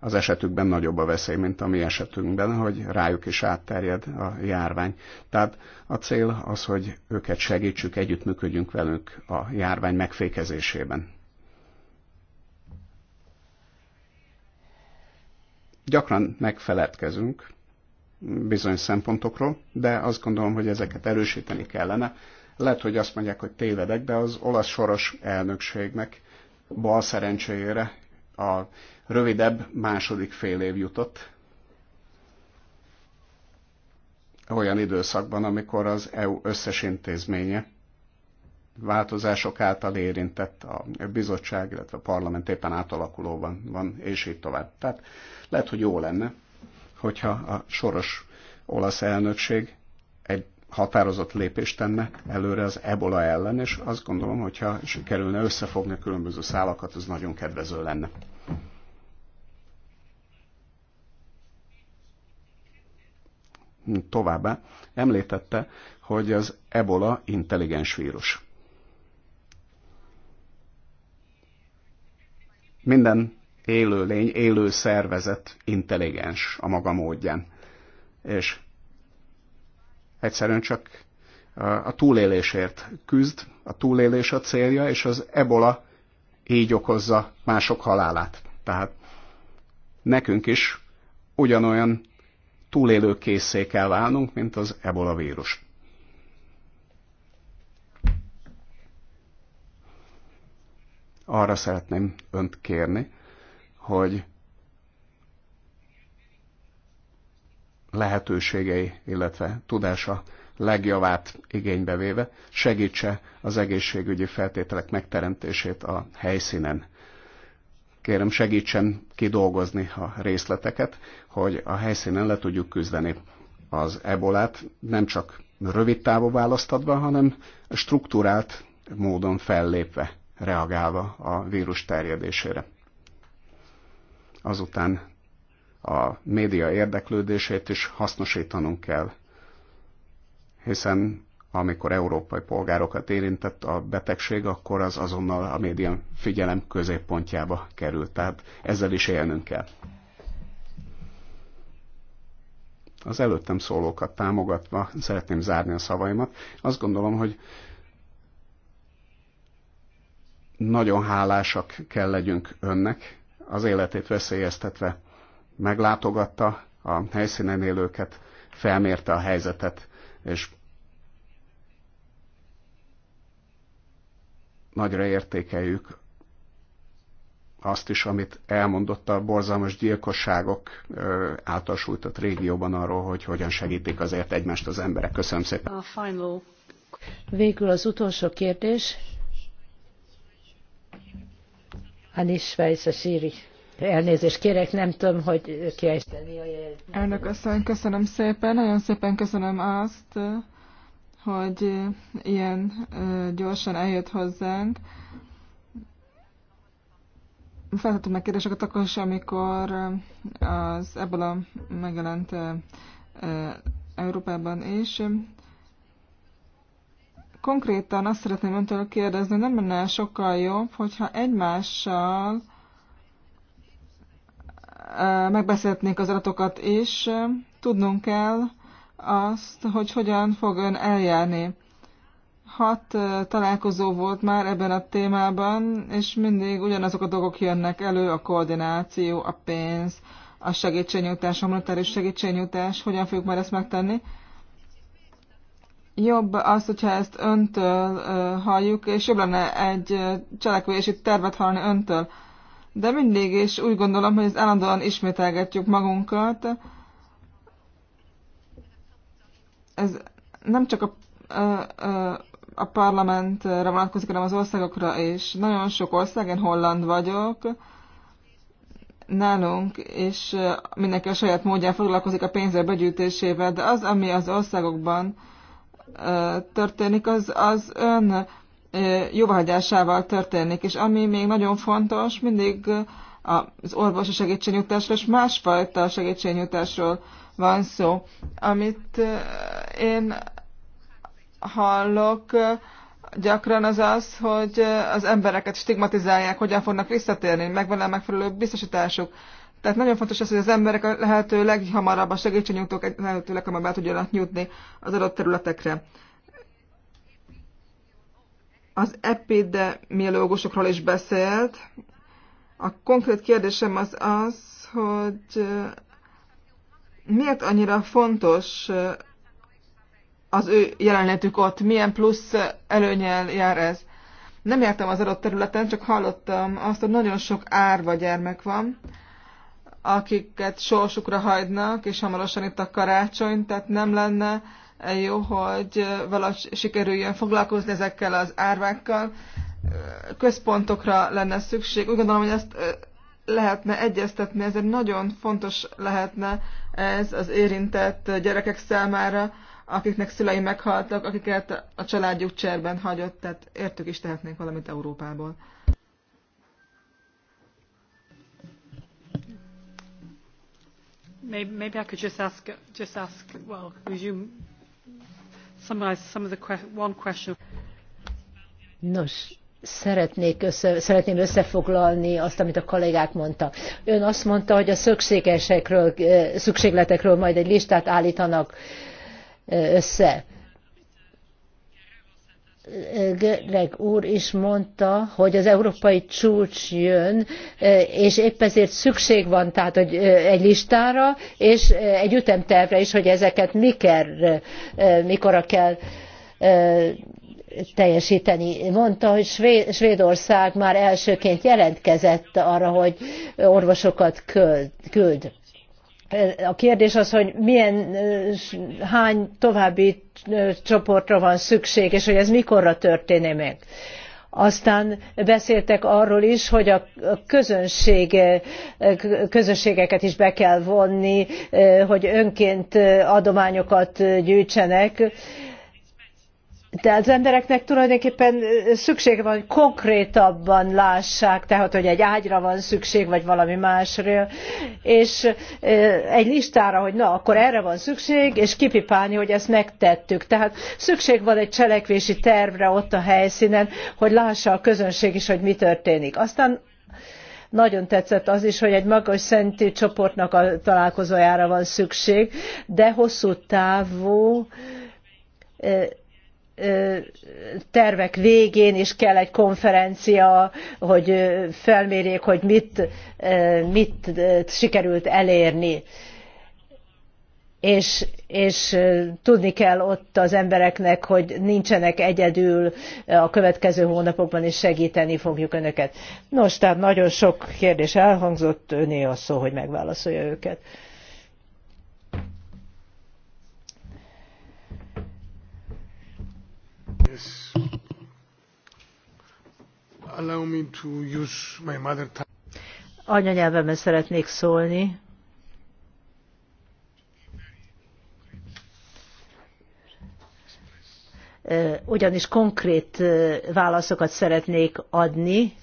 Az esetükben nagyobb a veszély, mint a mi esetünkben, hogy rájuk is átterjed a járvány. Tehát a cél az, hogy őket segítsük, együttműködjünk velük a járvány megfékezésében. Gyakran megfeledkezünk bizonyos szempontokról, de azt gondolom, hogy ezeket erősíteni kellene. Lehet, hogy azt mondják, hogy tévedek, de az olasz soros elnökségnek bal szerencséjére a rövidebb második fél év jutott, olyan időszakban, amikor az EU összes intézménye változások által érintett a bizottság, illetve a parlament éppen átalakulóban van, és így tovább. Tehát lehet, hogy jó lenne, hogyha a soros olasz elnökség egy határozott lépést tenne előre az ebola ellen, és azt gondolom, hogyha sikerülne összefogni különböző szálakat, az nagyon kedvező lenne. Továbbá említette, hogy az ebola intelligens vírus. Minden élő lény, élő szervezet, intelligens a maga módján. És egyszerűen csak a túlélésért küzd, a túlélés a célja, és az ebola így okozza mások halálát. Tehát nekünk is ugyanolyan túlélőkészé kell válnunk, mint az ebola vírus. Arra szeretném önt kérni, hogy lehetőségei, illetve tudása legjavát igénybe véve segítse az egészségügyi feltételek megteremtését a helyszínen. Kérem segítsen kidolgozni a részleteket, hogy a helyszínen le tudjuk küzdeni az ebolát, nem csak rövid távú választatban, hanem struktúrált módon fellépve, reagálva a vírus terjedésére azután a média érdeklődését is hasznosítanunk kell, hiszen amikor európai polgárokat érintett a betegség, akkor az azonnal a média figyelem középpontjába került. Tehát ezzel is élnünk kell. Az előttem szólókat támogatva szeretném zárni a szavaimat. Azt gondolom, hogy nagyon hálásak kell legyünk önnek, az életét veszélyeztetve meglátogatta a helyszínen élőket, felmérte a helyzetet, és nagyra értékeljük azt is, amit elmondott a borzalmas gyilkosságok által sújtott régióban arról, hogy hogyan segítik azért egymást az emberek. Köszönöm szépen. Végül az utolsó kérdés. Anis a síri. Elnézést kérek, nem tudom, hogy kiejteni a jelet. Elnök asszony, köszönöm szépen, nagyon szépen köszönöm azt, hogy ilyen gyorsan eljött hozzánk. Feltettem meg kérdéseket akkor is, amikor az ebből megjelent Európában is. Konkrétan azt szeretném öntől kérdezni, nem lenne sokkal jobb, hogyha egymással megbeszélhetnénk az adatokat, és tudnunk kell azt, hogy hogyan fog ön eljárni. Hat találkozó volt már ebben a témában, és mindig ugyanazok a dolgok jönnek elő, a koordináció, a pénz, a segítségnyújtás, a monetáris segítségnyújtás, hogyan fogjuk már ezt megtenni jobb az, hogyha ezt öntől halljuk, és jobb lenne egy cselekvési tervet hallani öntől. De mindig is úgy gondolom, hogy ez állandóan ismételgetjük magunkat. Ez nem csak a, uh, uh, a parlamentre vonatkozik, hanem az országokra is. Nagyon sok ország, én holland vagyok, nálunk, és mindenki a saját módján foglalkozik a pénzek begyűjtésével, de az, ami az országokban történik, az az ön jóváhagyásával történik, és ami még nagyon fontos, mindig az orvosi segítségnyújtásról és másfajta segítségnyújtásról van szó. Amit én hallok gyakran az az, hogy az embereket stigmatizálják, hogyan fognak visszatérni, megvan-e megfelelő biztosításuk. Tehát nagyon fontos az, hogy az emberek a lehető leghamarabb a segítségnyújtók lehető leghamarabb el tudjanak nyújtni az adott területekre. Az epidemiológusokról is beszélt. A konkrét kérdésem az az, hogy eh, miért annyira fontos eh, az ő jelenlétük ott, milyen plusz eh, előnyel jár ez. Nem jártam az adott területen, csak hallottam azt, hogy nagyon sok árva gyermek van, akiket sorsukra hagynak, és hamarosan itt a karácsony, tehát nem lenne jó, hogy valahogy sikerüljön foglalkozni ezekkel az árvákkal. Központokra lenne szükség. Úgy gondolom, hogy ezt lehetne egyeztetni, ez egy nagyon fontos lehetne ez az érintett gyerekek számára, akiknek szülei meghaltak, akiket a családjuk cserben hagyott, tehát értük is tehetnénk valamit Európából. Maybe, I could just ask, just ask well, resume, summarize some of the que one question. Nos, szeretnék össze, szeretném összefoglalni azt, amit a kollégák mondtak. Ön azt mondta, hogy a szükségesekről, eh, szükségletekről majd egy listát állítanak eh, össze. Göreg úr is mondta, hogy az európai csúcs jön, e, és épp ezért szükség van tehát hogy e, egy listára, és e, egy ütemtervre is, hogy ezeket mikor, mikorra kell teljesíteni. Mondta, hogy Svédország már elsőként jelentkezett arra, hogy orvosokat küld a kérdés az, hogy milyen, hány további csoportra van szükség, és hogy ez mikorra történne meg. Aztán beszéltek arról is, hogy a közönség, közösségeket is be kell vonni, hogy önként adományokat gyűjtsenek de az embereknek tulajdonképpen szüksége van, hogy konkrétabban lássák, tehát hogy egy ágyra van szükség, vagy valami másra, és egy listára, hogy na, akkor erre van szükség, és kipipálni, hogy ezt megtettük. Tehát szükség van egy cselekvési tervre ott a helyszínen, hogy lássa a közönség is, hogy mi történik. Aztán nagyon tetszett az is, hogy egy magas szenti csoportnak a találkozójára van szükség, de hosszú távú tervek végén is kell egy konferencia, hogy felmérjék, hogy mit, mit sikerült elérni. És, és tudni kell ott az embereknek, hogy nincsenek egyedül, a következő hónapokban is segíteni fogjuk önöket. Nos, tehát nagyon sok kérdés elhangzott, öné a szó, hogy megválaszolja őket. allow me to use my mother tongue. Anyanyelvemen szeretnék szólni. Ugyanis konkrét válaszokat szeretnék adni,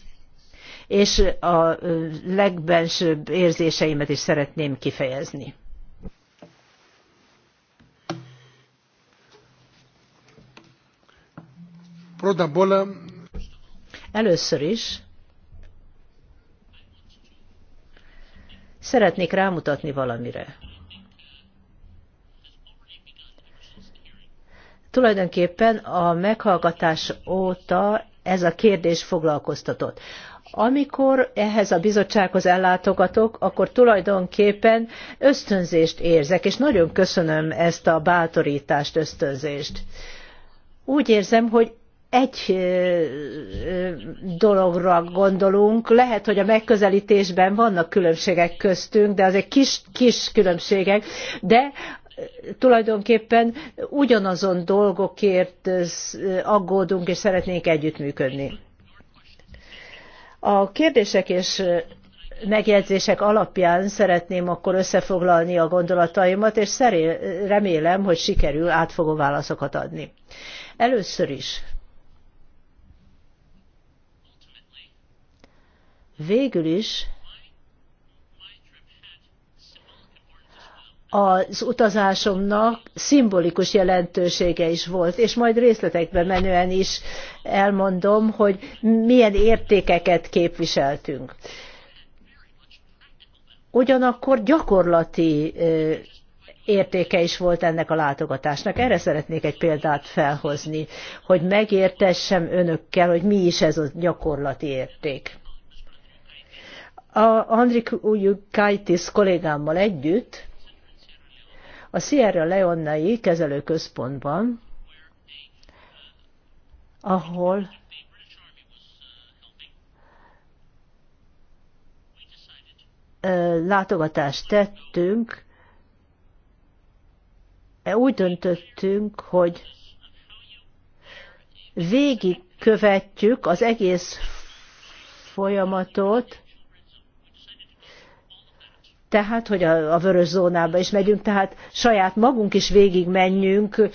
és a legbensőbb érzéseimet is szeretném kifejezni. Πρώτα απ' όλα Először is szeretnék rámutatni valamire. Tulajdonképpen a meghallgatás óta ez a kérdés foglalkoztatott. Amikor ehhez a bizottsághoz ellátogatok, akkor tulajdonképpen ösztönzést érzek, és nagyon köszönöm ezt a bátorítást, ösztönzést. Úgy érzem, hogy egy dologra gondolunk, lehet, hogy a megközelítésben vannak különbségek köztünk, de azért kis, kis különbségek, de tulajdonképpen ugyanazon dolgokért aggódunk és szeretnénk együttműködni. A kérdések és megjegyzések alapján szeretném akkor összefoglalni a gondolataimat, és remélem, hogy sikerül átfogó válaszokat adni. Először is Végül is az utazásomnak szimbolikus jelentősége is volt, és majd részletekbe menően is elmondom, hogy milyen értékeket képviseltünk. Ugyanakkor gyakorlati értéke is volt ennek a látogatásnak. Erre szeretnék egy példát felhozni, hogy megértessem önökkel, hogy mi is ez a gyakorlati érték. A Andrik Ujukaitis kollégámmal együtt a Sierra Leonnai kezelőközpontban, ahol látogatást tettünk, e, úgy döntöttünk, hogy végigkövetjük az egész folyamatot, tehát hogy a, a vörös zónába is megyünk, tehát saját magunk is végig menjünk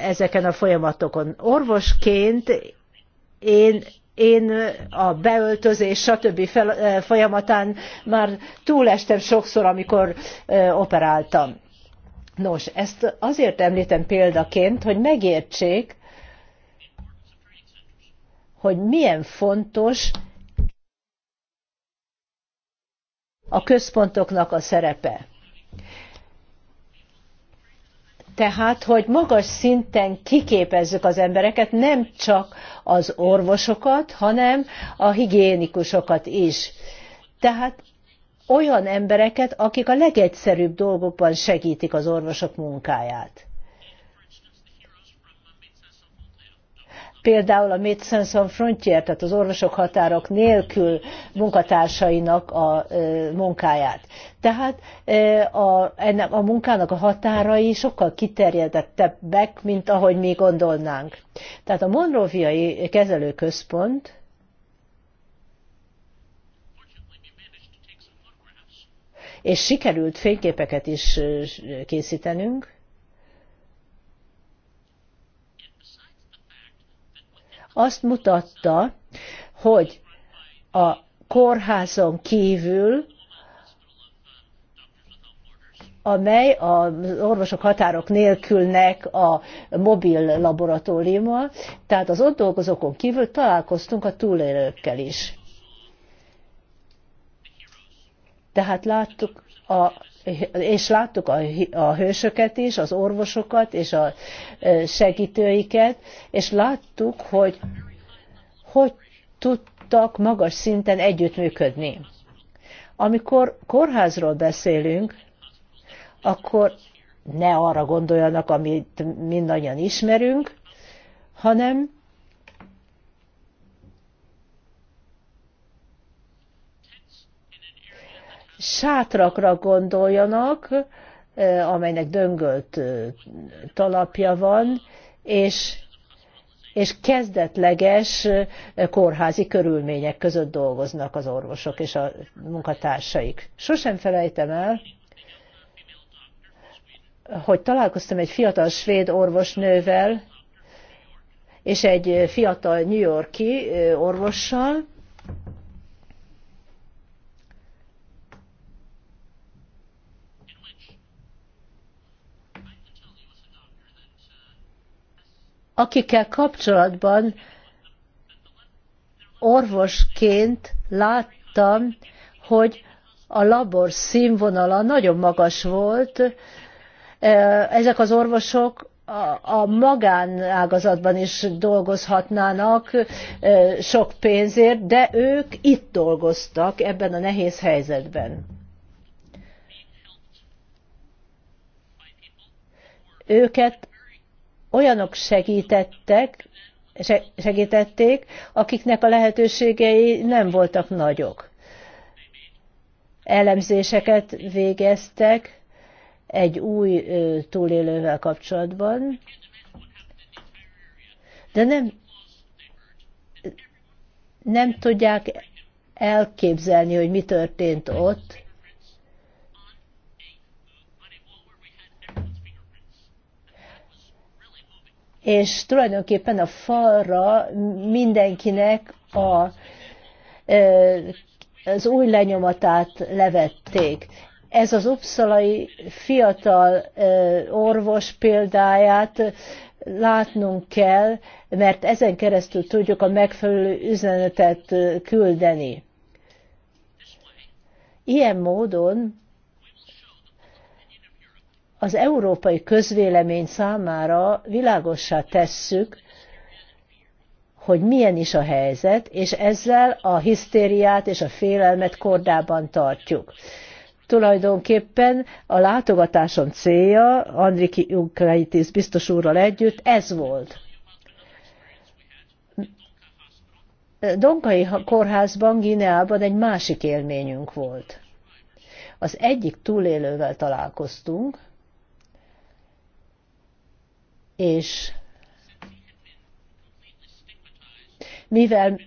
ezeken a folyamatokon. Orvosként én én a beöltözés, stb. folyamatán már túlestem sokszor, amikor operáltam. Nos, ezt azért említem példaként, hogy megértsék, hogy milyen fontos a központoknak a szerepe. Tehát, hogy magas szinten kiképezzük az embereket, nem csak az orvosokat, hanem a higiénikusokat is. Tehát olyan embereket, akik a legegyszerűbb dolgokban segítik az orvosok munkáját. például a Médecins Sans Frontier, tehát az orvosok határok nélkül munkatársainak a munkáját. Tehát a, ennek a munkának a határai sokkal kiterjedettebbek, mint ahogy mi gondolnánk. Tehát a Monroviai Kezelőközpont és sikerült fényképeket is készítenünk, azt mutatta, hogy a kórházon kívül, amely az orvosok határok nélkülnek a mobil laboratóriuma, tehát az ott dolgozókon kívül találkoztunk a túlélőkkel is. Tehát láttuk a és láttuk a, a hősöket is, az orvosokat és a segítőiket, és láttuk, hogy hogy tudtak magas szinten együttműködni. Amikor kórházról beszélünk, akkor ne arra gondoljanak, amit mindannyian ismerünk, hanem sátrakra gondoljanak, amelynek döngölt talapja van, és, és kezdetleges kórházi körülmények között dolgoznak az orvosok és a munkatársaik. Sosem felejtem el, hogy találkoztam egy fiatal svéd orvosnővel, és egy fiatal New Yorki orvossal, akikkel kapcsolatban orvosként láttam, hogy a labor színvonala nagyon magas volt. Ezek az orvosok a magánágazatban is dolgozhatnának sok pénzért, de ők itt dolgoztak ebben a nehéz helyzetben. Őket olyanok segítettek, segítették, akiknek a lehetőségei nem voltak nagyok. Elemzéseket végeztek egy új túlélővel kapcsolatban, de nem, nem tudják elképzelni, hogy mi történt ott, és tulajdonképpen a falra mindenkinek a, az új lenyomatát levették. Ez az upszalai fiatal orvos példáját látnunk kell, mert ezen keresztül tudjuk a megfelelő üzenetet küldeni. Ilyen módon az európai közvélemény számára világossá tesszük, hogy milyen is a helyzet, és ezzel a hisztériát és a félelmet kordában tartjuk. Tulajdonképpen a látogatásom célja, Andriki Ukraitis biztos úrral együtt, ez volt. Donkai kórházban, Gineában egy másik élményünk volt. Az egyik túlélővel találkoztunk, és mivel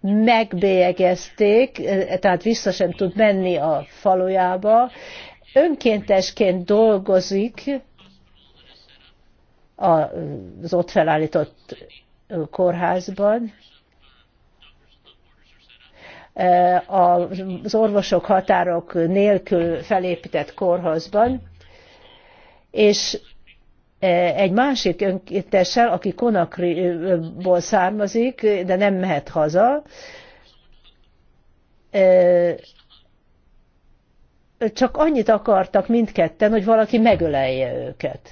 megbélyegezték, tehát vissza sem tud menni a falujába, önkéntesként dolgozik az ott felállított kórházban, az orvosok határok nélkül felépített kórházban, és E, egy másik önkéntessel, aki Konakriból származik, de nem mehet haza, e, csak annyit akartak mindketten, hogy valaki megölelje őket.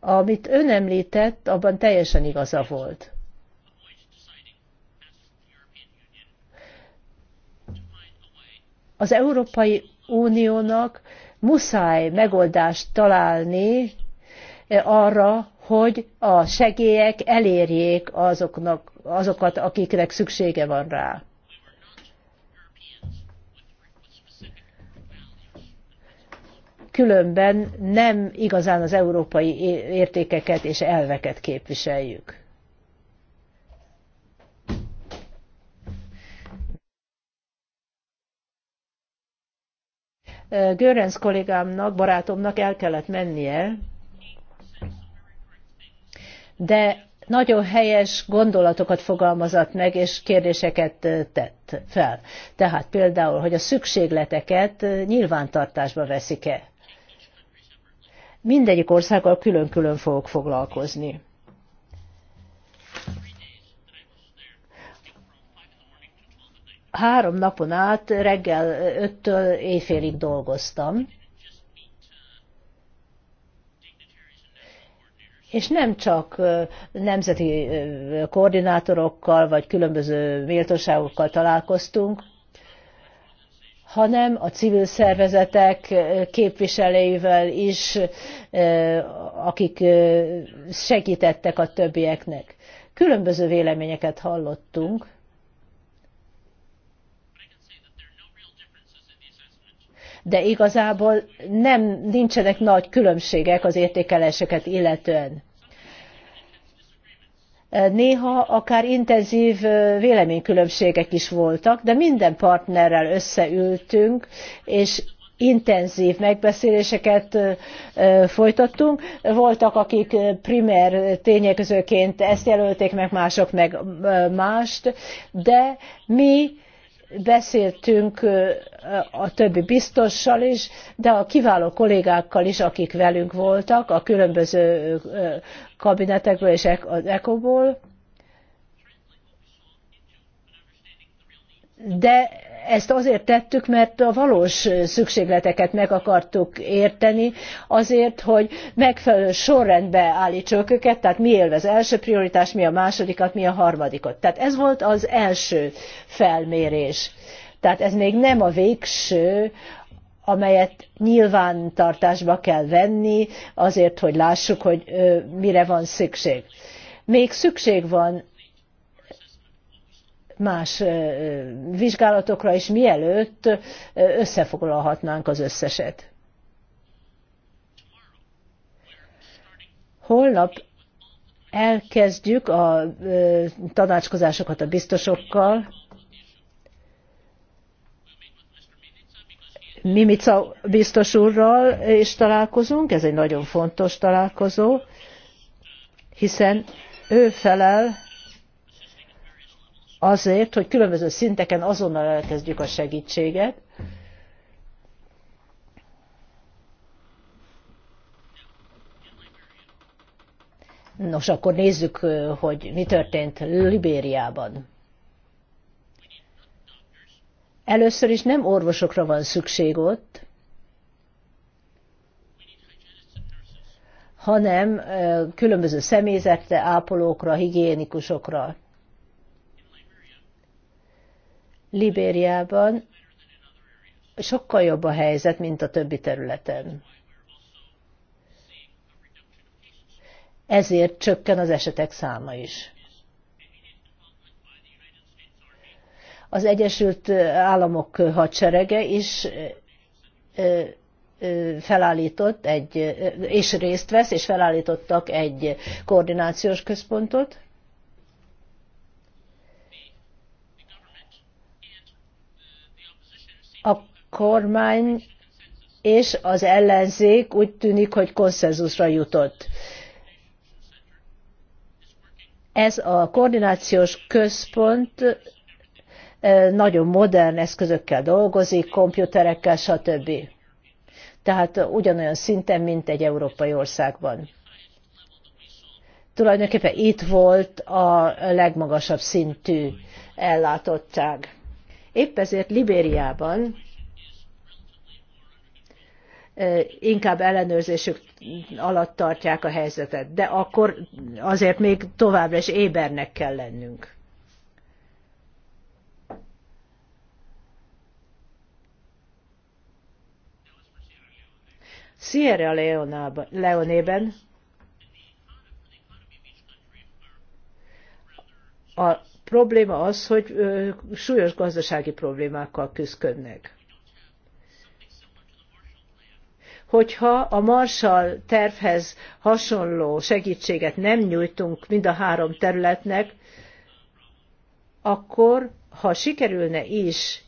Amit ön említett, abban teljesen igaza volt. Az Európai Uniónak muszáj megoldást találni eh, arra, hogy a segélyek elérjék azoknak, azokat, akiknek szüksége van rá. Különben nem igazán az európai értékeket és elveket képviseljük. Görenc kollégámnak, barátomnak el kellett mennie, de nagyon helyes gondolatokat fogalmazott meg, és kérdéseket tett fel. Tehát például, hogy a szükségleteket nyilvántartásba veszik-e. Mindegyik országgal külön-külön fogok foglalkozni. három napon át reggel öttől éjfélig dolgoztam. És nem csak nemzeti koordinátorokkal vagy különböző méltóságokkal találkoztunk, hanem a civil szervezetek képviselőivel is, akik segítettek a többieknek. Különböző véleményeket hallottunk, de igazából nem nincsenek nagy különbségek az értékeléseket illetően. Néha akár intenzív véleménykülönbségek is voltak, de minden partnerrel összeültünk, és intenzív megbeszéléseket folytattunk. Voltak, akik primer tényezőként ezt jelölték meg, mások meg mást, de mi beszéltünk a többi biztossal is, de a kiváló kollégákkal is, akik velünk voltak, a különböző kabinetekből és az ECO-ból. De ezt azért tettük, mert a valós szükségleteket meg akartuk érteni, azért, hogy megfelelő sorrendbe állítsuk őket, tehát mi élvez első prioritás, mi a másodikat, mi a harmadikat. Tehát ez volt az első felmérés. Tehát ez még nem a végső, amelyet nyilvántartásba kell venni, azért, hogy lássuk, hogy mire van szükség. Még szükség van más vizsgálatokra is, mielőtt összefoglalhatnánk az összeset. Holnap elkezdjük a tanácskozásokat a biztosokkal. Mimica biztos úrral is találkozunk, ez egy nagyon fontos találkozó, hiszen ő felel azért, hogy különböző szinteken azonnal elkezdjük a segítséget, Nos, akkor nézzük, hogy mi történt Libériában. Először is nem orvosokra van szükség ott, hanem különböző személyzetre, ápolókra, higiénikusokra. Libériában sokkal jobb a helyzet, mint a többi területen. Ezért csökken az esetek száma is. Az Egyesült Államok hadserege is felállított egy, és részt vesz, és felállítottak egy koordinációs központot, a kormány és az ellenzék úgy tűnik, hogy konszenzusra jutott. Ez a koordinációs központ e, nagyon modern eszközökkel dolgozik, komputerekkel, stb. Tehát ugyanolyan szinten, mint egy európai országban. Tulajdonképpen itt volt a legmagasabb szintű ellátottság. Épp ezért Libériában inkább ellenőrzésük alatt tartják a helyzetet, de akkor azért még továbbra is ébernek kell lennünk. Sierra Leone-ben a probléma az, hogy súlyos gazdasági problémákkal küzdködnek. Hogyha a Marshall tervhez hasonló segítséget nem nyújtunk mind a három területnek, akkor ha sikerülne is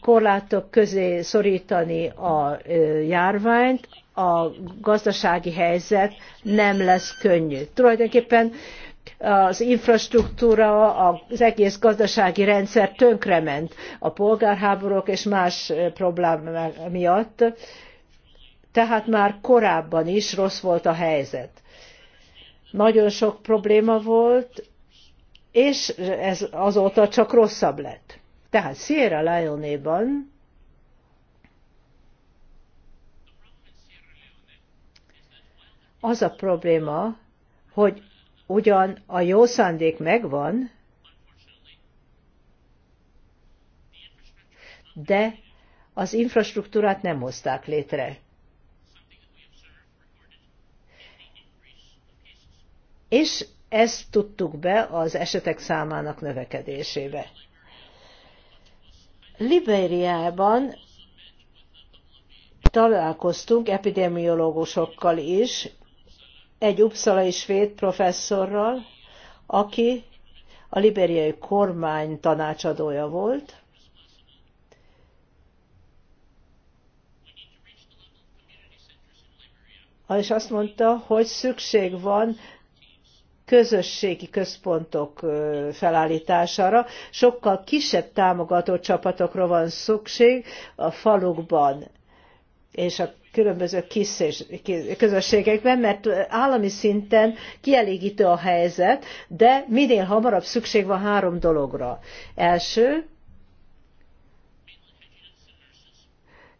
korlátok közé szorítani a járványt, a gazdasági helyzet nem lesz könnyű. Tulajdonképpen az infrastruktúra, az egész gazdasági rendszer tönkrement a polgárháborúk és más problémák miatt, tehát már korábban is rossz volt a helyzet. Nagyon sok probléma volt, és ez azóta csak rosszabb lett. Tehát Sierra Leone-ban az a probléma, hogy ugyan a jó szándék megvan, de az infrastruktúrát nem hozták létre. És ezt tudtuk be az esetek számának növekedésébe. Libériában találkoztunk epidemiológusokkal is, egy uppsalai svéd professzorral, aki a liberiai kormány tanácsadója volt, és azt mondta, hogy szükség van közösségi központok felállítására. Sokkal kisebb támogató csapatokra van szükség a falukban és a különböző kis és közösségekben, mert állami szinten kielégítő a helyzet, de minél hamarabb szükség van három dologra. Első,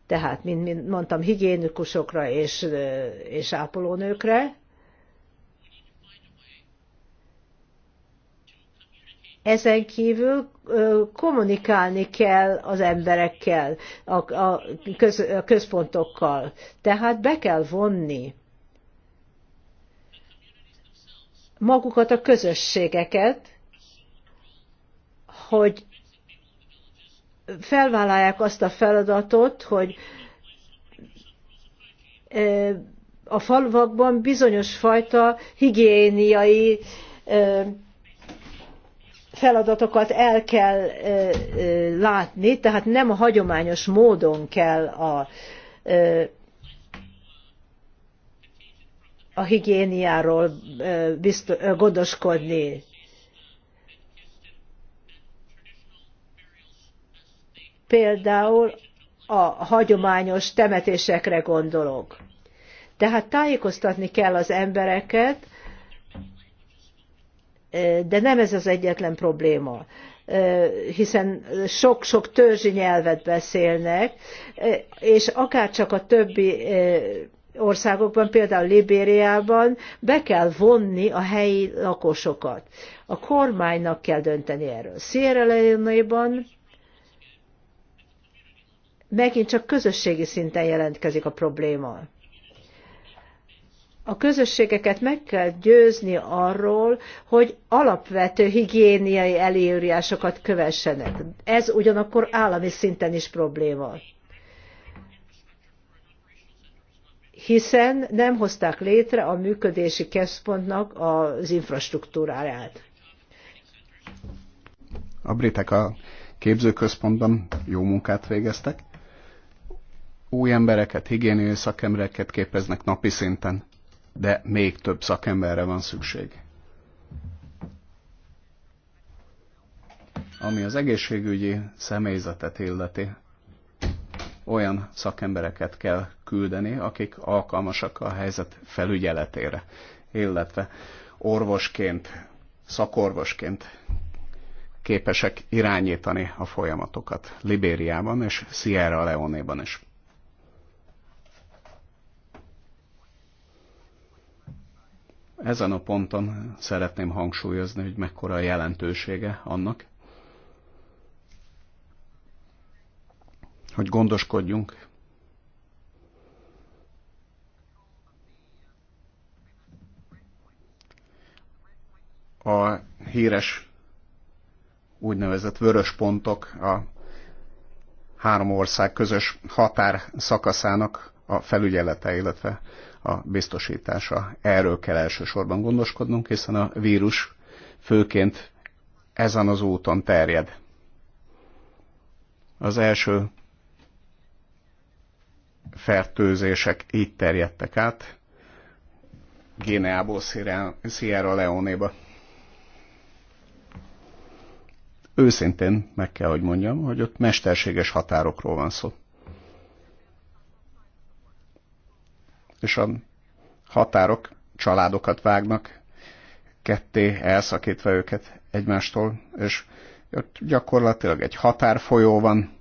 tehát, mint, mint mondtam, higiénikusokra és, és ápolónőkre, Ezen kívül kommunikálni kell az emberekkel, a, a, köz, a központokkal. Tehát be kell vonni magukat a közösségeket, hogy felvállalják azt a feladatot, hogy a falvakban bizonyos fajta higiéniai feladatokat el kell látni, tehát nem a hagyományos módon kell a, a higiéniáról biztos, gondoskodni. Például a hagyományos temetésekre gondolok. Tehát tájékoztatni kell az embereket, de nem ez az egyetlen probléma, hiszen sok-sok törzsi nyelvet beszélnek, és akárcsak a többi országokban, például Libériában be kell vonni a helyi lakosokat. A kormánynak kell dönteni erről. Sierra Leone-ban megint csak közösségi szinten jelentkezik a probléma a közösségeket meg kell győzni arról, hogy alapvető higiéniai előírásokat kövessenek. Ez ugyanakkor állami szinten is probléma. Hiszen nem hozták létre a működési központnak az infrastruktúráját. A britek a képzőközpontban jó munkát végeztek. Új embereket, higiéniai szakembereket képeznek napi szinten de még több szakemberre van szükség. Ami az egészségügyi személyzetet illeti, olyan szakembereket kell küldeni, akik alkalmasak a helyzet felügyeletére, illetve orvosként, szakorvosként képesek irányítani a folyamatokat Libériában és Sierra Leone-ban is. Ezen a ponton szeretném hangsúlyozni, hogy mekkora a jelentősége annak, hogy gondoskodjunk a híres úgynevezett vörös pontok a három ország közös határ szakaszának a felügyelete, illetve a biztosítása. Erről kell elsősorban gondoskodnunk, hiszen a vírus főként ezen az úton terjed. Az első fertőzések így terjedtek át, Géneából Sierra Leone-ba. Őszintén meg kell, hogy mondjam, hogy ott mesterséges határokról van szó. és a határok családokat vágnak ketté, elszakítva őket egymástól, és ott gyakorlatilag egy határfolyó van,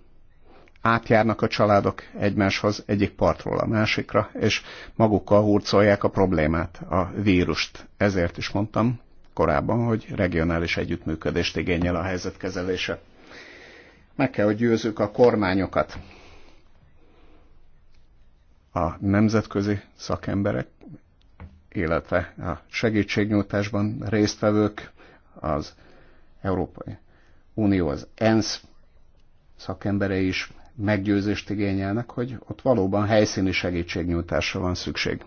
átjárnak a családok egymáshoz egyik partról a másikra, és magukkal hurcolják a problémát, a vírust. Ezért is mondtam korábban, hogy regionális együttműködést igényel a helyzetkezelése. Meg kell, hogy győzzük a kormányokat a nemzetközi szakemberek, illetve a segítségnyújtásban résztvevők, az Európai Unió, az ENSZ szakemberei is meggyőzést igényelnek, hogy ott valóban helyszíni segítségnyújtásra van szükség.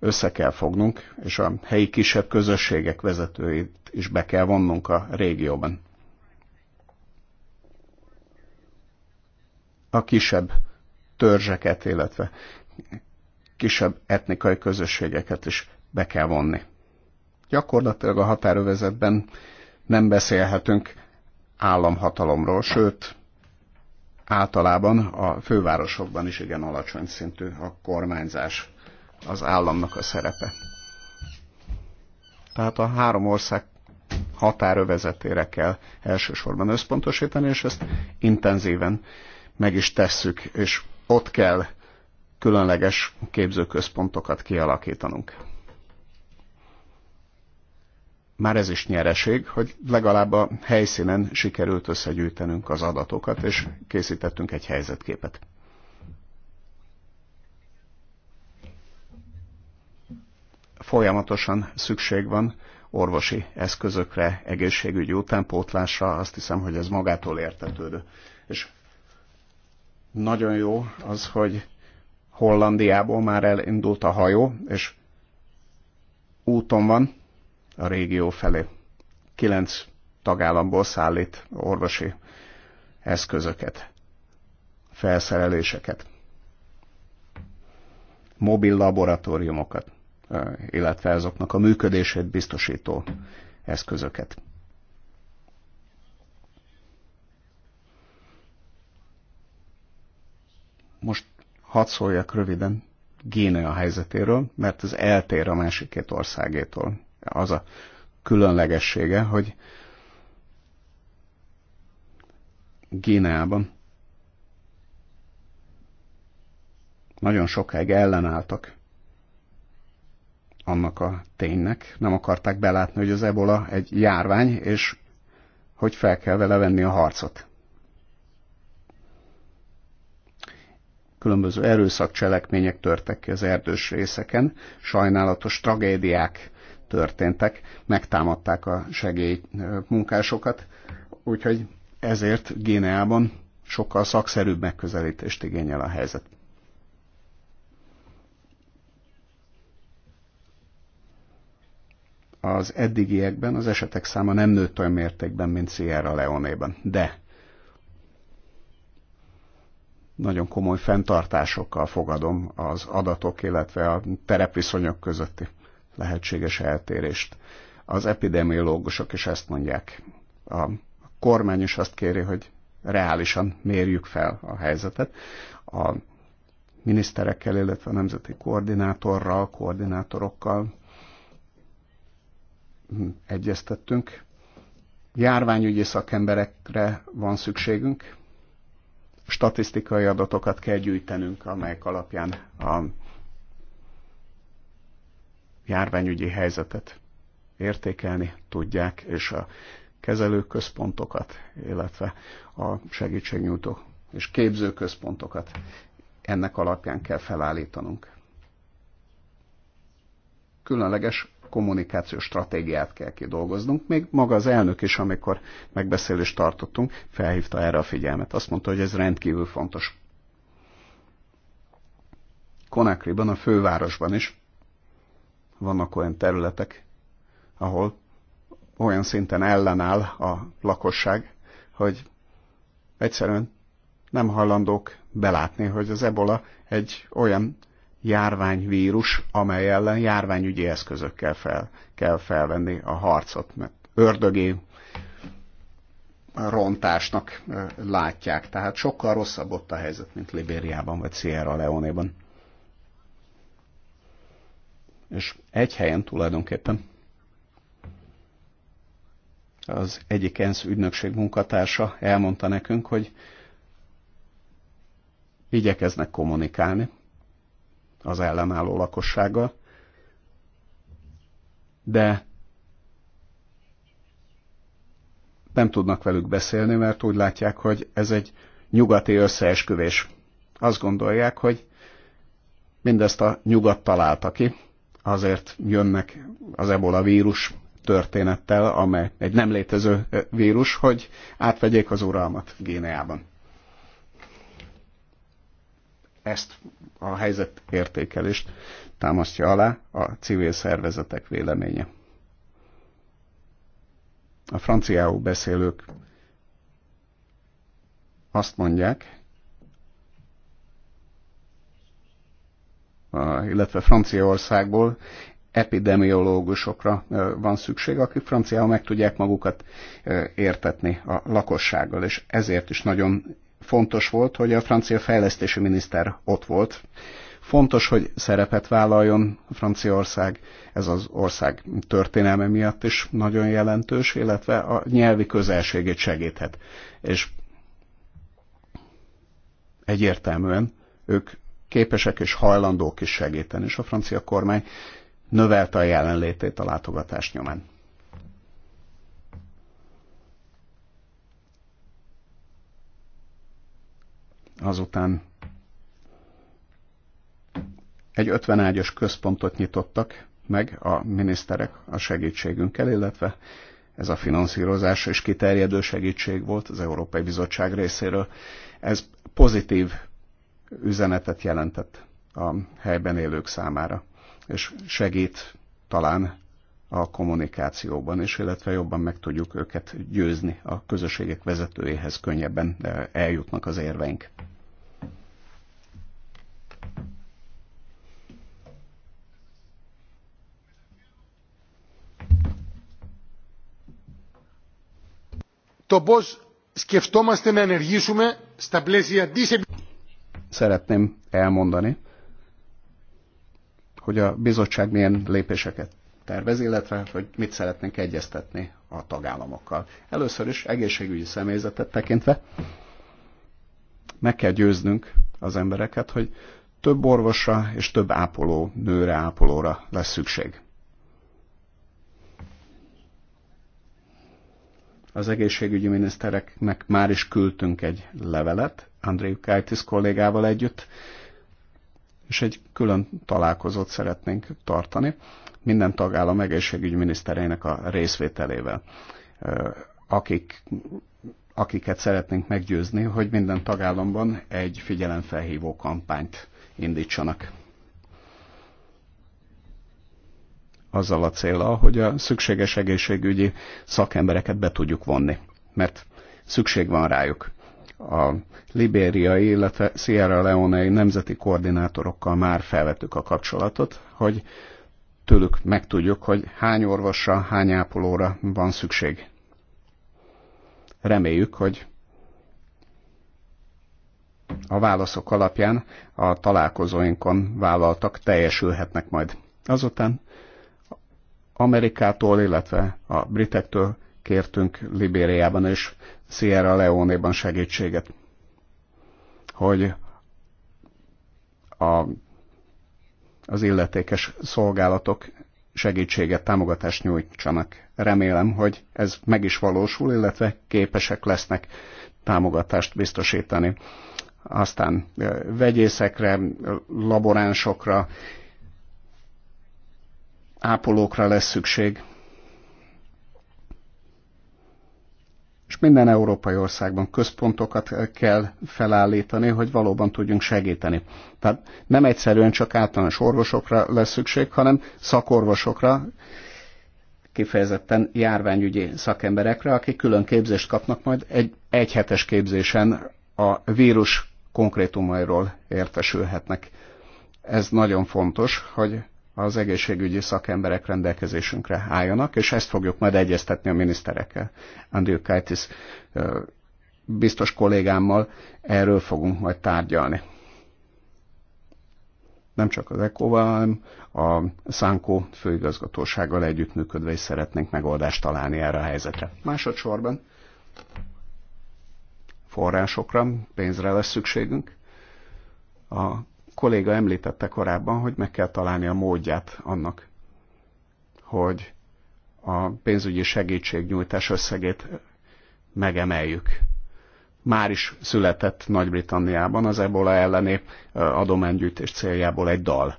Össze kell fognunk, és a helyi kisebb közösségek vezetőit is be kell vonnunk a régióban. A kisebb törzseket, illetve kisebb etnikai közösségeket is be kell vonni. Gyakorlatilag a határövezetben nem beszélhetünk államhatalomról, sőt, általában a fővárosokban is igen alacsony szintű a kormányzás, az államnak a szerepe. Tehát a három ország határövezetére kell elsősorban összpontosítani, és ezt intenzíven meg is tesszük, és ott kell különleges képzőközpontokat kialakítanunk. Már ez is nyereség, hogy legalább a helyszínen sikerült összegyűjtenünk az adatokat, és készítettünk egy helyzetképet. Folyamatosan szükség van orvosi eszközökre, egészségügyi utánpótlásra, azt hiszem, hogy ez magától értetődő. És nagyon jó az, hogy Hollandiából már elindult a hajó, és úton van a régió felé. Kilenc tagállamból szállít orvosi eszközöket, felszereléseket, mobil laboratóriumokat, illetve azoknak a működését biztosító eszközöket. Most hadd szóljak röviden a helyzetéről, mert ez eltér a másik két országétól. Az a különlegessége, hogy Géneában nagyon sokáig ellenálltak annak a ténynek, nem akarták belátni, hogy az ebola egy járvány, és hogy fel kell vele venni a harcot. különböző erőszakcselekmények törtek ki az erdős részeken, sajnálatos tragédiák történtek, megtámadták a segélymunkásokat, úgyhogy ezért Géneában sokkal szakszerűbb megközelítést igényel a helyzet. Az eddigiekben az esetek száma nem nőtt olyan mértékben, mint Sierra leone ben de nagyon komoly fenntartásokkal fogadom az adatok, illetve a terepviszonyok közötti lehetséges eltérést. Az epidemiológusok is ezt mondják. A kormány is azt kéri, hogy reálisan mérjük fel a helyzetet. A miniszterekkel, illetve a nemzeti koordinátorral, koordinátorokkal egyeztettünk. Járványügyi szakemberekre van szükségünk, statisztikai adatokat kell gyűjtenünk, amelyek alapján a járványügyi helyzetet értékelni tudják, és a kezelőközpontokat, illetve a segítségnyújtó és képzőközpontokat ennek alapján kell felállítanunk. Különleges kommunikációs stratégiát kell kidolgoznunk. Még maga az elnök is, amikor megbeszélést tartottunk, felhívta erre a figyelmet. Azt mondta, hogy ez rendkívül fontos. Konakriban, a fővárosban is vannak olyan területek, ahol olyan szinten ellenáll a lakosság, hogy egyszerűen nem hajlandók belátni, hogy az ebola egy olyan járványvírus, amely ellen járványügyi eszközökkel fel, kell felvenni a harcot, mert ördögi rontásnak látják. Tehát sokkal rosszabb ott a helyzet, mint Libériában vagy Sierra Leone-ban. És egy helyen tulajdonképpen az egyik ENSZ ügynökség munkatársa elmondta nekünk, hogy igyekeznek kommunikálni az ellenálló lakossága, de nem tudnak velük beszélni, mert úgy látják, hogy ez egy nyugati összeesküvés. Azt gondolják, hogy mindezt a nyugat találta ki, azért jönnek az ebola vírus történettel, amely egy nem létező vírus, hogy átvegyék az uralmat Géneában ezt a helyzet értékelést támasztja alá a civil szervezetek véleménye. A franciául beszélők azt mondják, illetve Franciaországból epidemiológusokra van szükség, akik franciául meg tudják magukat értetni a lakossággal, és ezért is nagyon fontos volt, hogy a francia fejlesztési miniszter ott volt. Fontos, hogy szerepet vállaljon Franciaország, ez az ország történelme miatt is nagyon jelentős, illetve a nyelvi közelségét segíthet. És egyértelműen ők képesek és hajlandók is segíteni, és a francia kormány növelte a jelenlétét a látogatás nyomán. azután egy 50 ágyas központot nyitottak meg a miniszterek a segítségünkkel, illetve ez a finanszírozás és kiterjedő segítség volt az Európai Bizottság részéről. Ez pozitív üzenetet jelentett a helyben élők számára, és segít talán a kommunikációban, is, illetve jobban meg tudjuk őket győzni, a közösségek vezetőjéhez könnyebben eh, eljutnak az érveink. Το πώς σκεφτόμαστε να ενεργήσουμε στα πλαίσια της... Szeretném elmondani, hogy a bizottság milyen lépéseket tervez, illetve hogy mit szeretnénk egyeztetni a tagállamokkal. Először is egészségügyi személyzetet tekintve meg kell győznünk az embereket, hogy több orvosra és több ápoló nőre, ápolóra lesz szükség. Az egészségügyi minisztereknek már is küldtünk egy levelet, André Kajtis kollégával együtt, és egy külön találkozót szeretnénk tartani minden tagállam egészségügyi minisztereinek a részvételével, akik, akiket szeretnénk meggyőzni, hogy minden tagállamban egy figyelemfelhívó kampányt indítsanak. Azzal a célra, hogy a szükséges egészségügyi szakembereket be tudjuk vonni, mert szükség van rájuk. A libériai, illetve Sierra Leonei nemzeti koordinátorokkal már felvettük a kapcsolatot, hogy tőlük megtudjuk, hogy hány orvosra, hány ápolóra van szükség. Reméljük, hogy a válaszok alapján a találkozóinkon vállaltak teljesülhetnek majd. Azután Amerikától, illetve a britektől kértünk Libériában és Sierra Leone-ban segítséget, hogy a, az illetékes szolgálatok segítséget, támogatást nyújtsanak. Remélem, hogy ez meg is valósul, illetve képesek lesznek támogatást biztosítani aztán vegyészekre, laboránsokra, ápolókra lesz szükség. És minden európai országban központokat kell felállítani, hogy valóban tudjunk segíteni. Tehát nem egyszerűen csak általános orvosokra lesz szükség, hanem szakorvosokra, kifejezetten járványügyi szakemberekre, akik külön képzést kapnak majd egy egyhetes képzésen a vírus konkrétumairól értesülhetnek. Ez nagyon fontos, hogy az egészségügyi szakemberek rendelkezésünkre álljanak, és ezt fogjuk majd egyeztetni a miniszterekkel. Andrew Kaitis biztos kollégámmal erről fogunk majd tárgyalni. Nem csak az ECO-val, hanem a Szánkó főigazgatósággal együttműködve is szeretnénk megoldást találni erre a helyzetre. Másodszorban forrásokra, pénzre lesz szükségünk. A kolléga említette korábban, hogy meg kell találni a módját annak, hogy a pénzügyi segítségnyújtás összegét megemeljük. Már is született Nagy-Britanniában az ebola elleni adománygyűjtés céljából egy dal.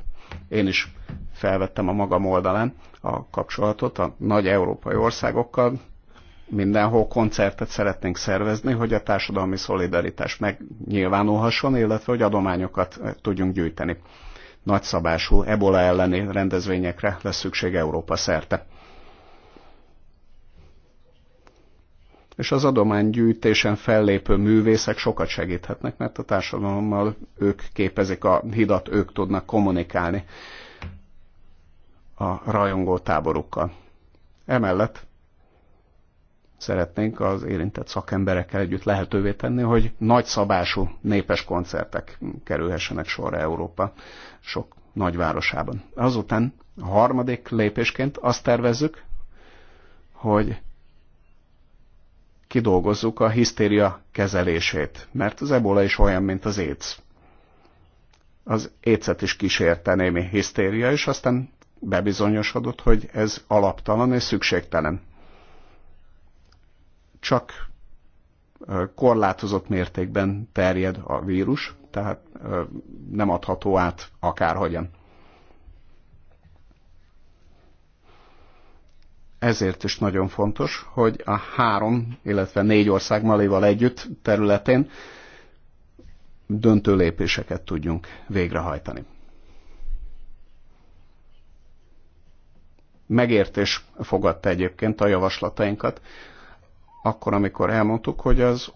Én is felvettem a magam oldalán a kapcsolatot a nagy európai országokkal, mindenhol koncertet szeretnénk szervezni, hogy a társadalmi szolidaritás megnyilvánulhasson, illetve hogy adományokat eh, tudjunk gyűjteni. Nagyszabású ebola elleni rendezvényekre lesz szükség Európa szerte. És az adománygyűjtésen fellépő művészek sokat segíthetnek, mert a társadalommal ők képezik a hidat, ők tudnak kommunikálni a rajongó táborukkal. Emellett szeretnénk az érintett szakemberekkel együtt lehetővé tenni, hogy nagy szabású népes koncertek kerülhessenek sorra Európa sok nagyvárosában. Azután a harmadik lépésként azt tervezzük, hogy kidolgozzuk a hisztéria kezelését, mert az ebola is olyan, mint az éc. Az écet is kísérte némi hisztéria, és aztán bebizonyosodott, hogy ez alaptalan és szükségtelen csak korlátozott mértékben terjed a vírus, tehát nem adható át akárhogyan. Ezért is nagyon fontos, hogy a három, illetve négy ország Malival együtt területén döntő lépéseket tudjunk végrehajtani. Megértés fogadta egyébként a javaslatainkat akkor, amikor elmondtuk, hogy az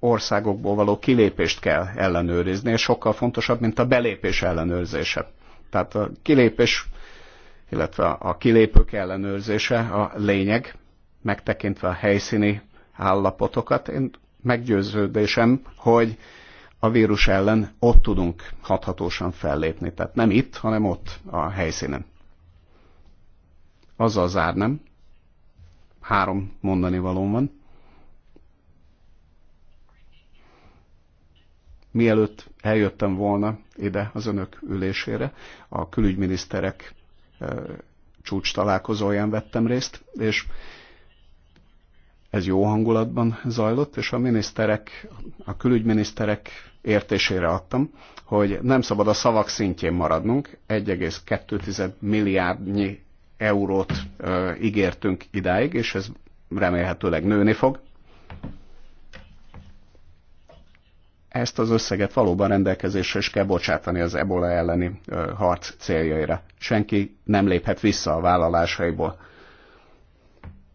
országokból való kilépést kell ellenőrizni, és sokkal fontosabb, mint a belépés ellenőrzése. Tehát a kilépés, illetve a kilépők ellenőrzése a lényeg, megtekintve a helyszíni állapotokat. Én meggyőződésem, hogy a vírus ellen ott tudunk hathatósan fellépni. Tehát nem itt, hanem ott a helyszínen. Azzal zárnám, három mondani valóm van. Mielőtt eljöttem volna ide az önök ülésére, a külügyminiszterek csúcs találkozóján vettem részt, és ez jó hangulatban zajlott, és a miniszterek, a külügyminiszterek értésére adtam, hogy nem szabad a szavak szintjén maradnunk, 1,2 milliárdnyi eurót ígértünk idáig, és ez remélhetőleg nőni fog. Ezt az összeget valóban rendelkezésre is kell bocsátani az ebola elleni harc céljaira. Senki nem léphet vissza a vállalásaiból.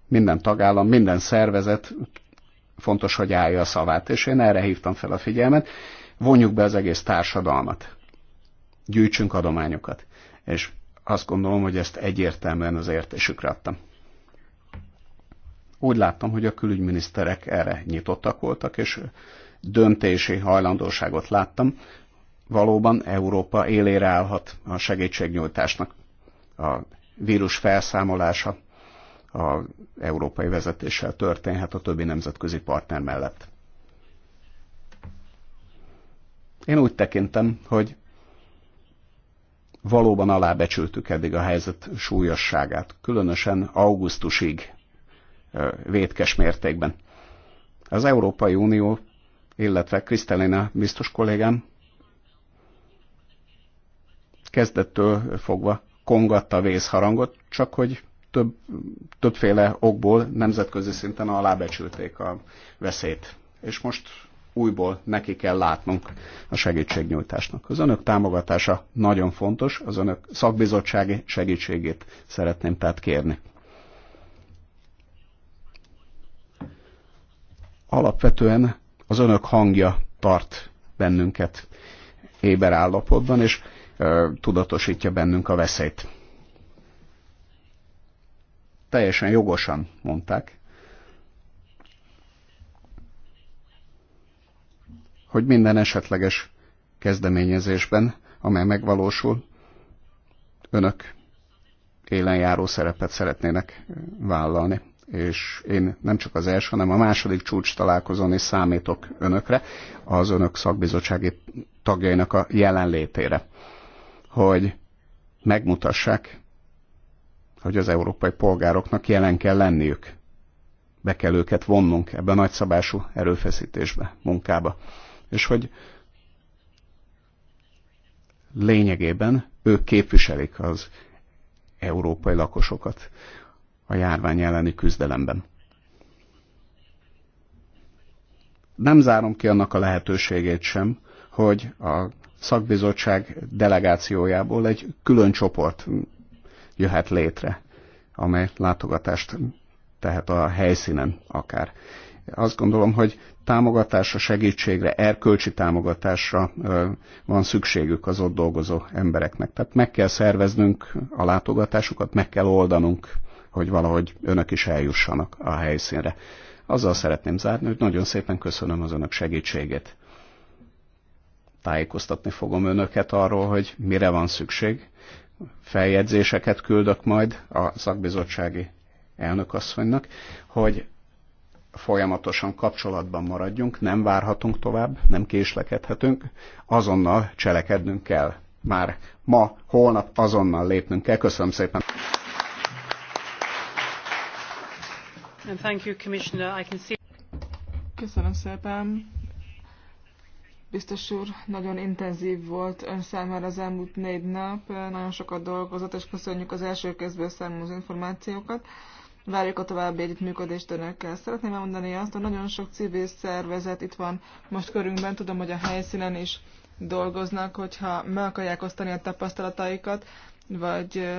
Minden tagállam, minden szervezet fontos, hogy állja a szavát, és én erre hívtam fel a figyelmet. Vonjuk be az egész társadalmat. Gyűjtsünk adományokat. És azt gondolom, hogy ezt egyértelműen az értésükre adtam. Úgy láttam, hogy a külügyminiszterek erre nyitottak voltak, és döntési hajlandóságot láttam. Valóban Európa élére állhat a segítségnyújtásnak. A vírus felszámolása a európai vezetéssel történhet a többi nemzetközi partner mellett. Én úgy tekintem, hogy valóban alábecsültük eddig a helyzet súlyosságát, különösen augusztusig vétkes mértékben. Az Európai Unió, illetve Krisztelina biztos kollégám kezdettől fogva kongatta a vészharangot, csak hogy több, többféle okból nemzetközi szinten alábecsülték a veszélyt. És most újból neki kell látnunk a segítségnyújtásnak. Az önök támogatása nagyon fontos, az önök szakbizottsági segítségét szeretném tehát kérni. Alapvetően az önök hangja tart bennünket éber állapotban, és ö, tudatosítja bennünk a veszélyt. Teljesen jogosan mondták, hogy minden esetleges kezdeményezésben, amely megvalósul, önök élenjáró szerepet szeretnének vállalni. És én nem csak az első, hanem a második csúcs találkozón is számítok önökre, az önök szakbizottsági tagjainak a jelenlétére, hogy megmutassák, hogy az európai polgároknak jelen kell lenniük. Be kell őket vonnunk ebbe a nagyszabású erőfeszítésbe, munkába és hogy lényegében ők képviselik az európai lakosokat a járvány elleni küzdelemben. Nem zárom ki annak a lehetőségét sem, hogy a szakbizottság delegációjából egy külön csoport jöhet létre, amely látogatást tehet a helyszínen akár azt gondolom, hogy támogatásra, segítségre, erkölcsi támogatásra van szükségük az ott dolgozó embereknek. Tehát meg kell szerveznünk a látogatásukat, meg kell oldanunk, hogy valahogy önök is eljussanak a helyszínre. Azzal szeretném zárni, hogy nagyon szépen köszönöm az önök segítségét. Tájékoztatni fogom önöket arról, hogy mire van szükség. Feljegyzéseket küldök majd a szakbizottsági elnökasszonynak, hogy folyamatosan kapcsolatban maradjunk, nem várhatunk tovább, nem késlekedhetünk, azonnal cselekednünk kell. Már ma, holnap azonnal lépnünk kell. Köszönöm szépen! Köszönöm szépen. Biztos úr, nagyon intenzív volt ön számára az elmúlt négy nap, nagyon sokat dolgozott, és köszönjük az első kézből számú információkat. Várjuk a további együttműködést önökkel. Szeretném elmondani azt, hogy nagyon sok civil szervezet itt van most körünkben. Tudom, hogy a helyszínen is dolgoznak, hogyha meg akarják osztani a tapasztalataikat, vagy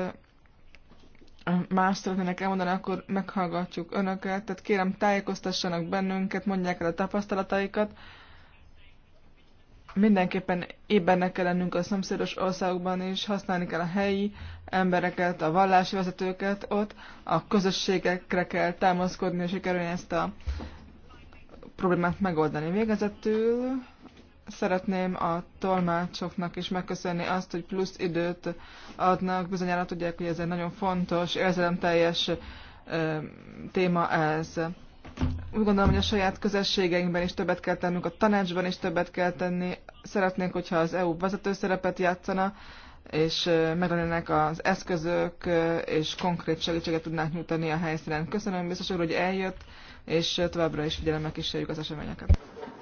más szeretnének elmondani, akkor meghallgatjuk önöket. Tehát kérem, tájékoztassanak bennünket, mondják el a tapasztalataikat, mindenképpen ébernek kell lennünk a szomszédos országokban is, használni kell a helyi embereket, a vallási vezetőket ott, a közösségekre kell támaszkodni, és sikerülni ezt a problémát megoldani. Végezetül szeretném a tolmácsoknak is megköszönni azt, hogy plusz időt adnak. Bizonyára tudják, hogy ez egy nagyon fontos, érzelemteljes téma ez. Úgy gondolom, hogy a saját közösségeinkben is többet kell tennünk, a tanácsban is többet kell tenni. Szeretnénk, hogyha az EU vezető szerepet játszana, és meglennének az eszközök, és konkrét segítséget tudnánk nyújtani a helyszínen. Köszönöm biztos hogy eljött, és továbbra is figyelemmel kísérjük az eseményeket.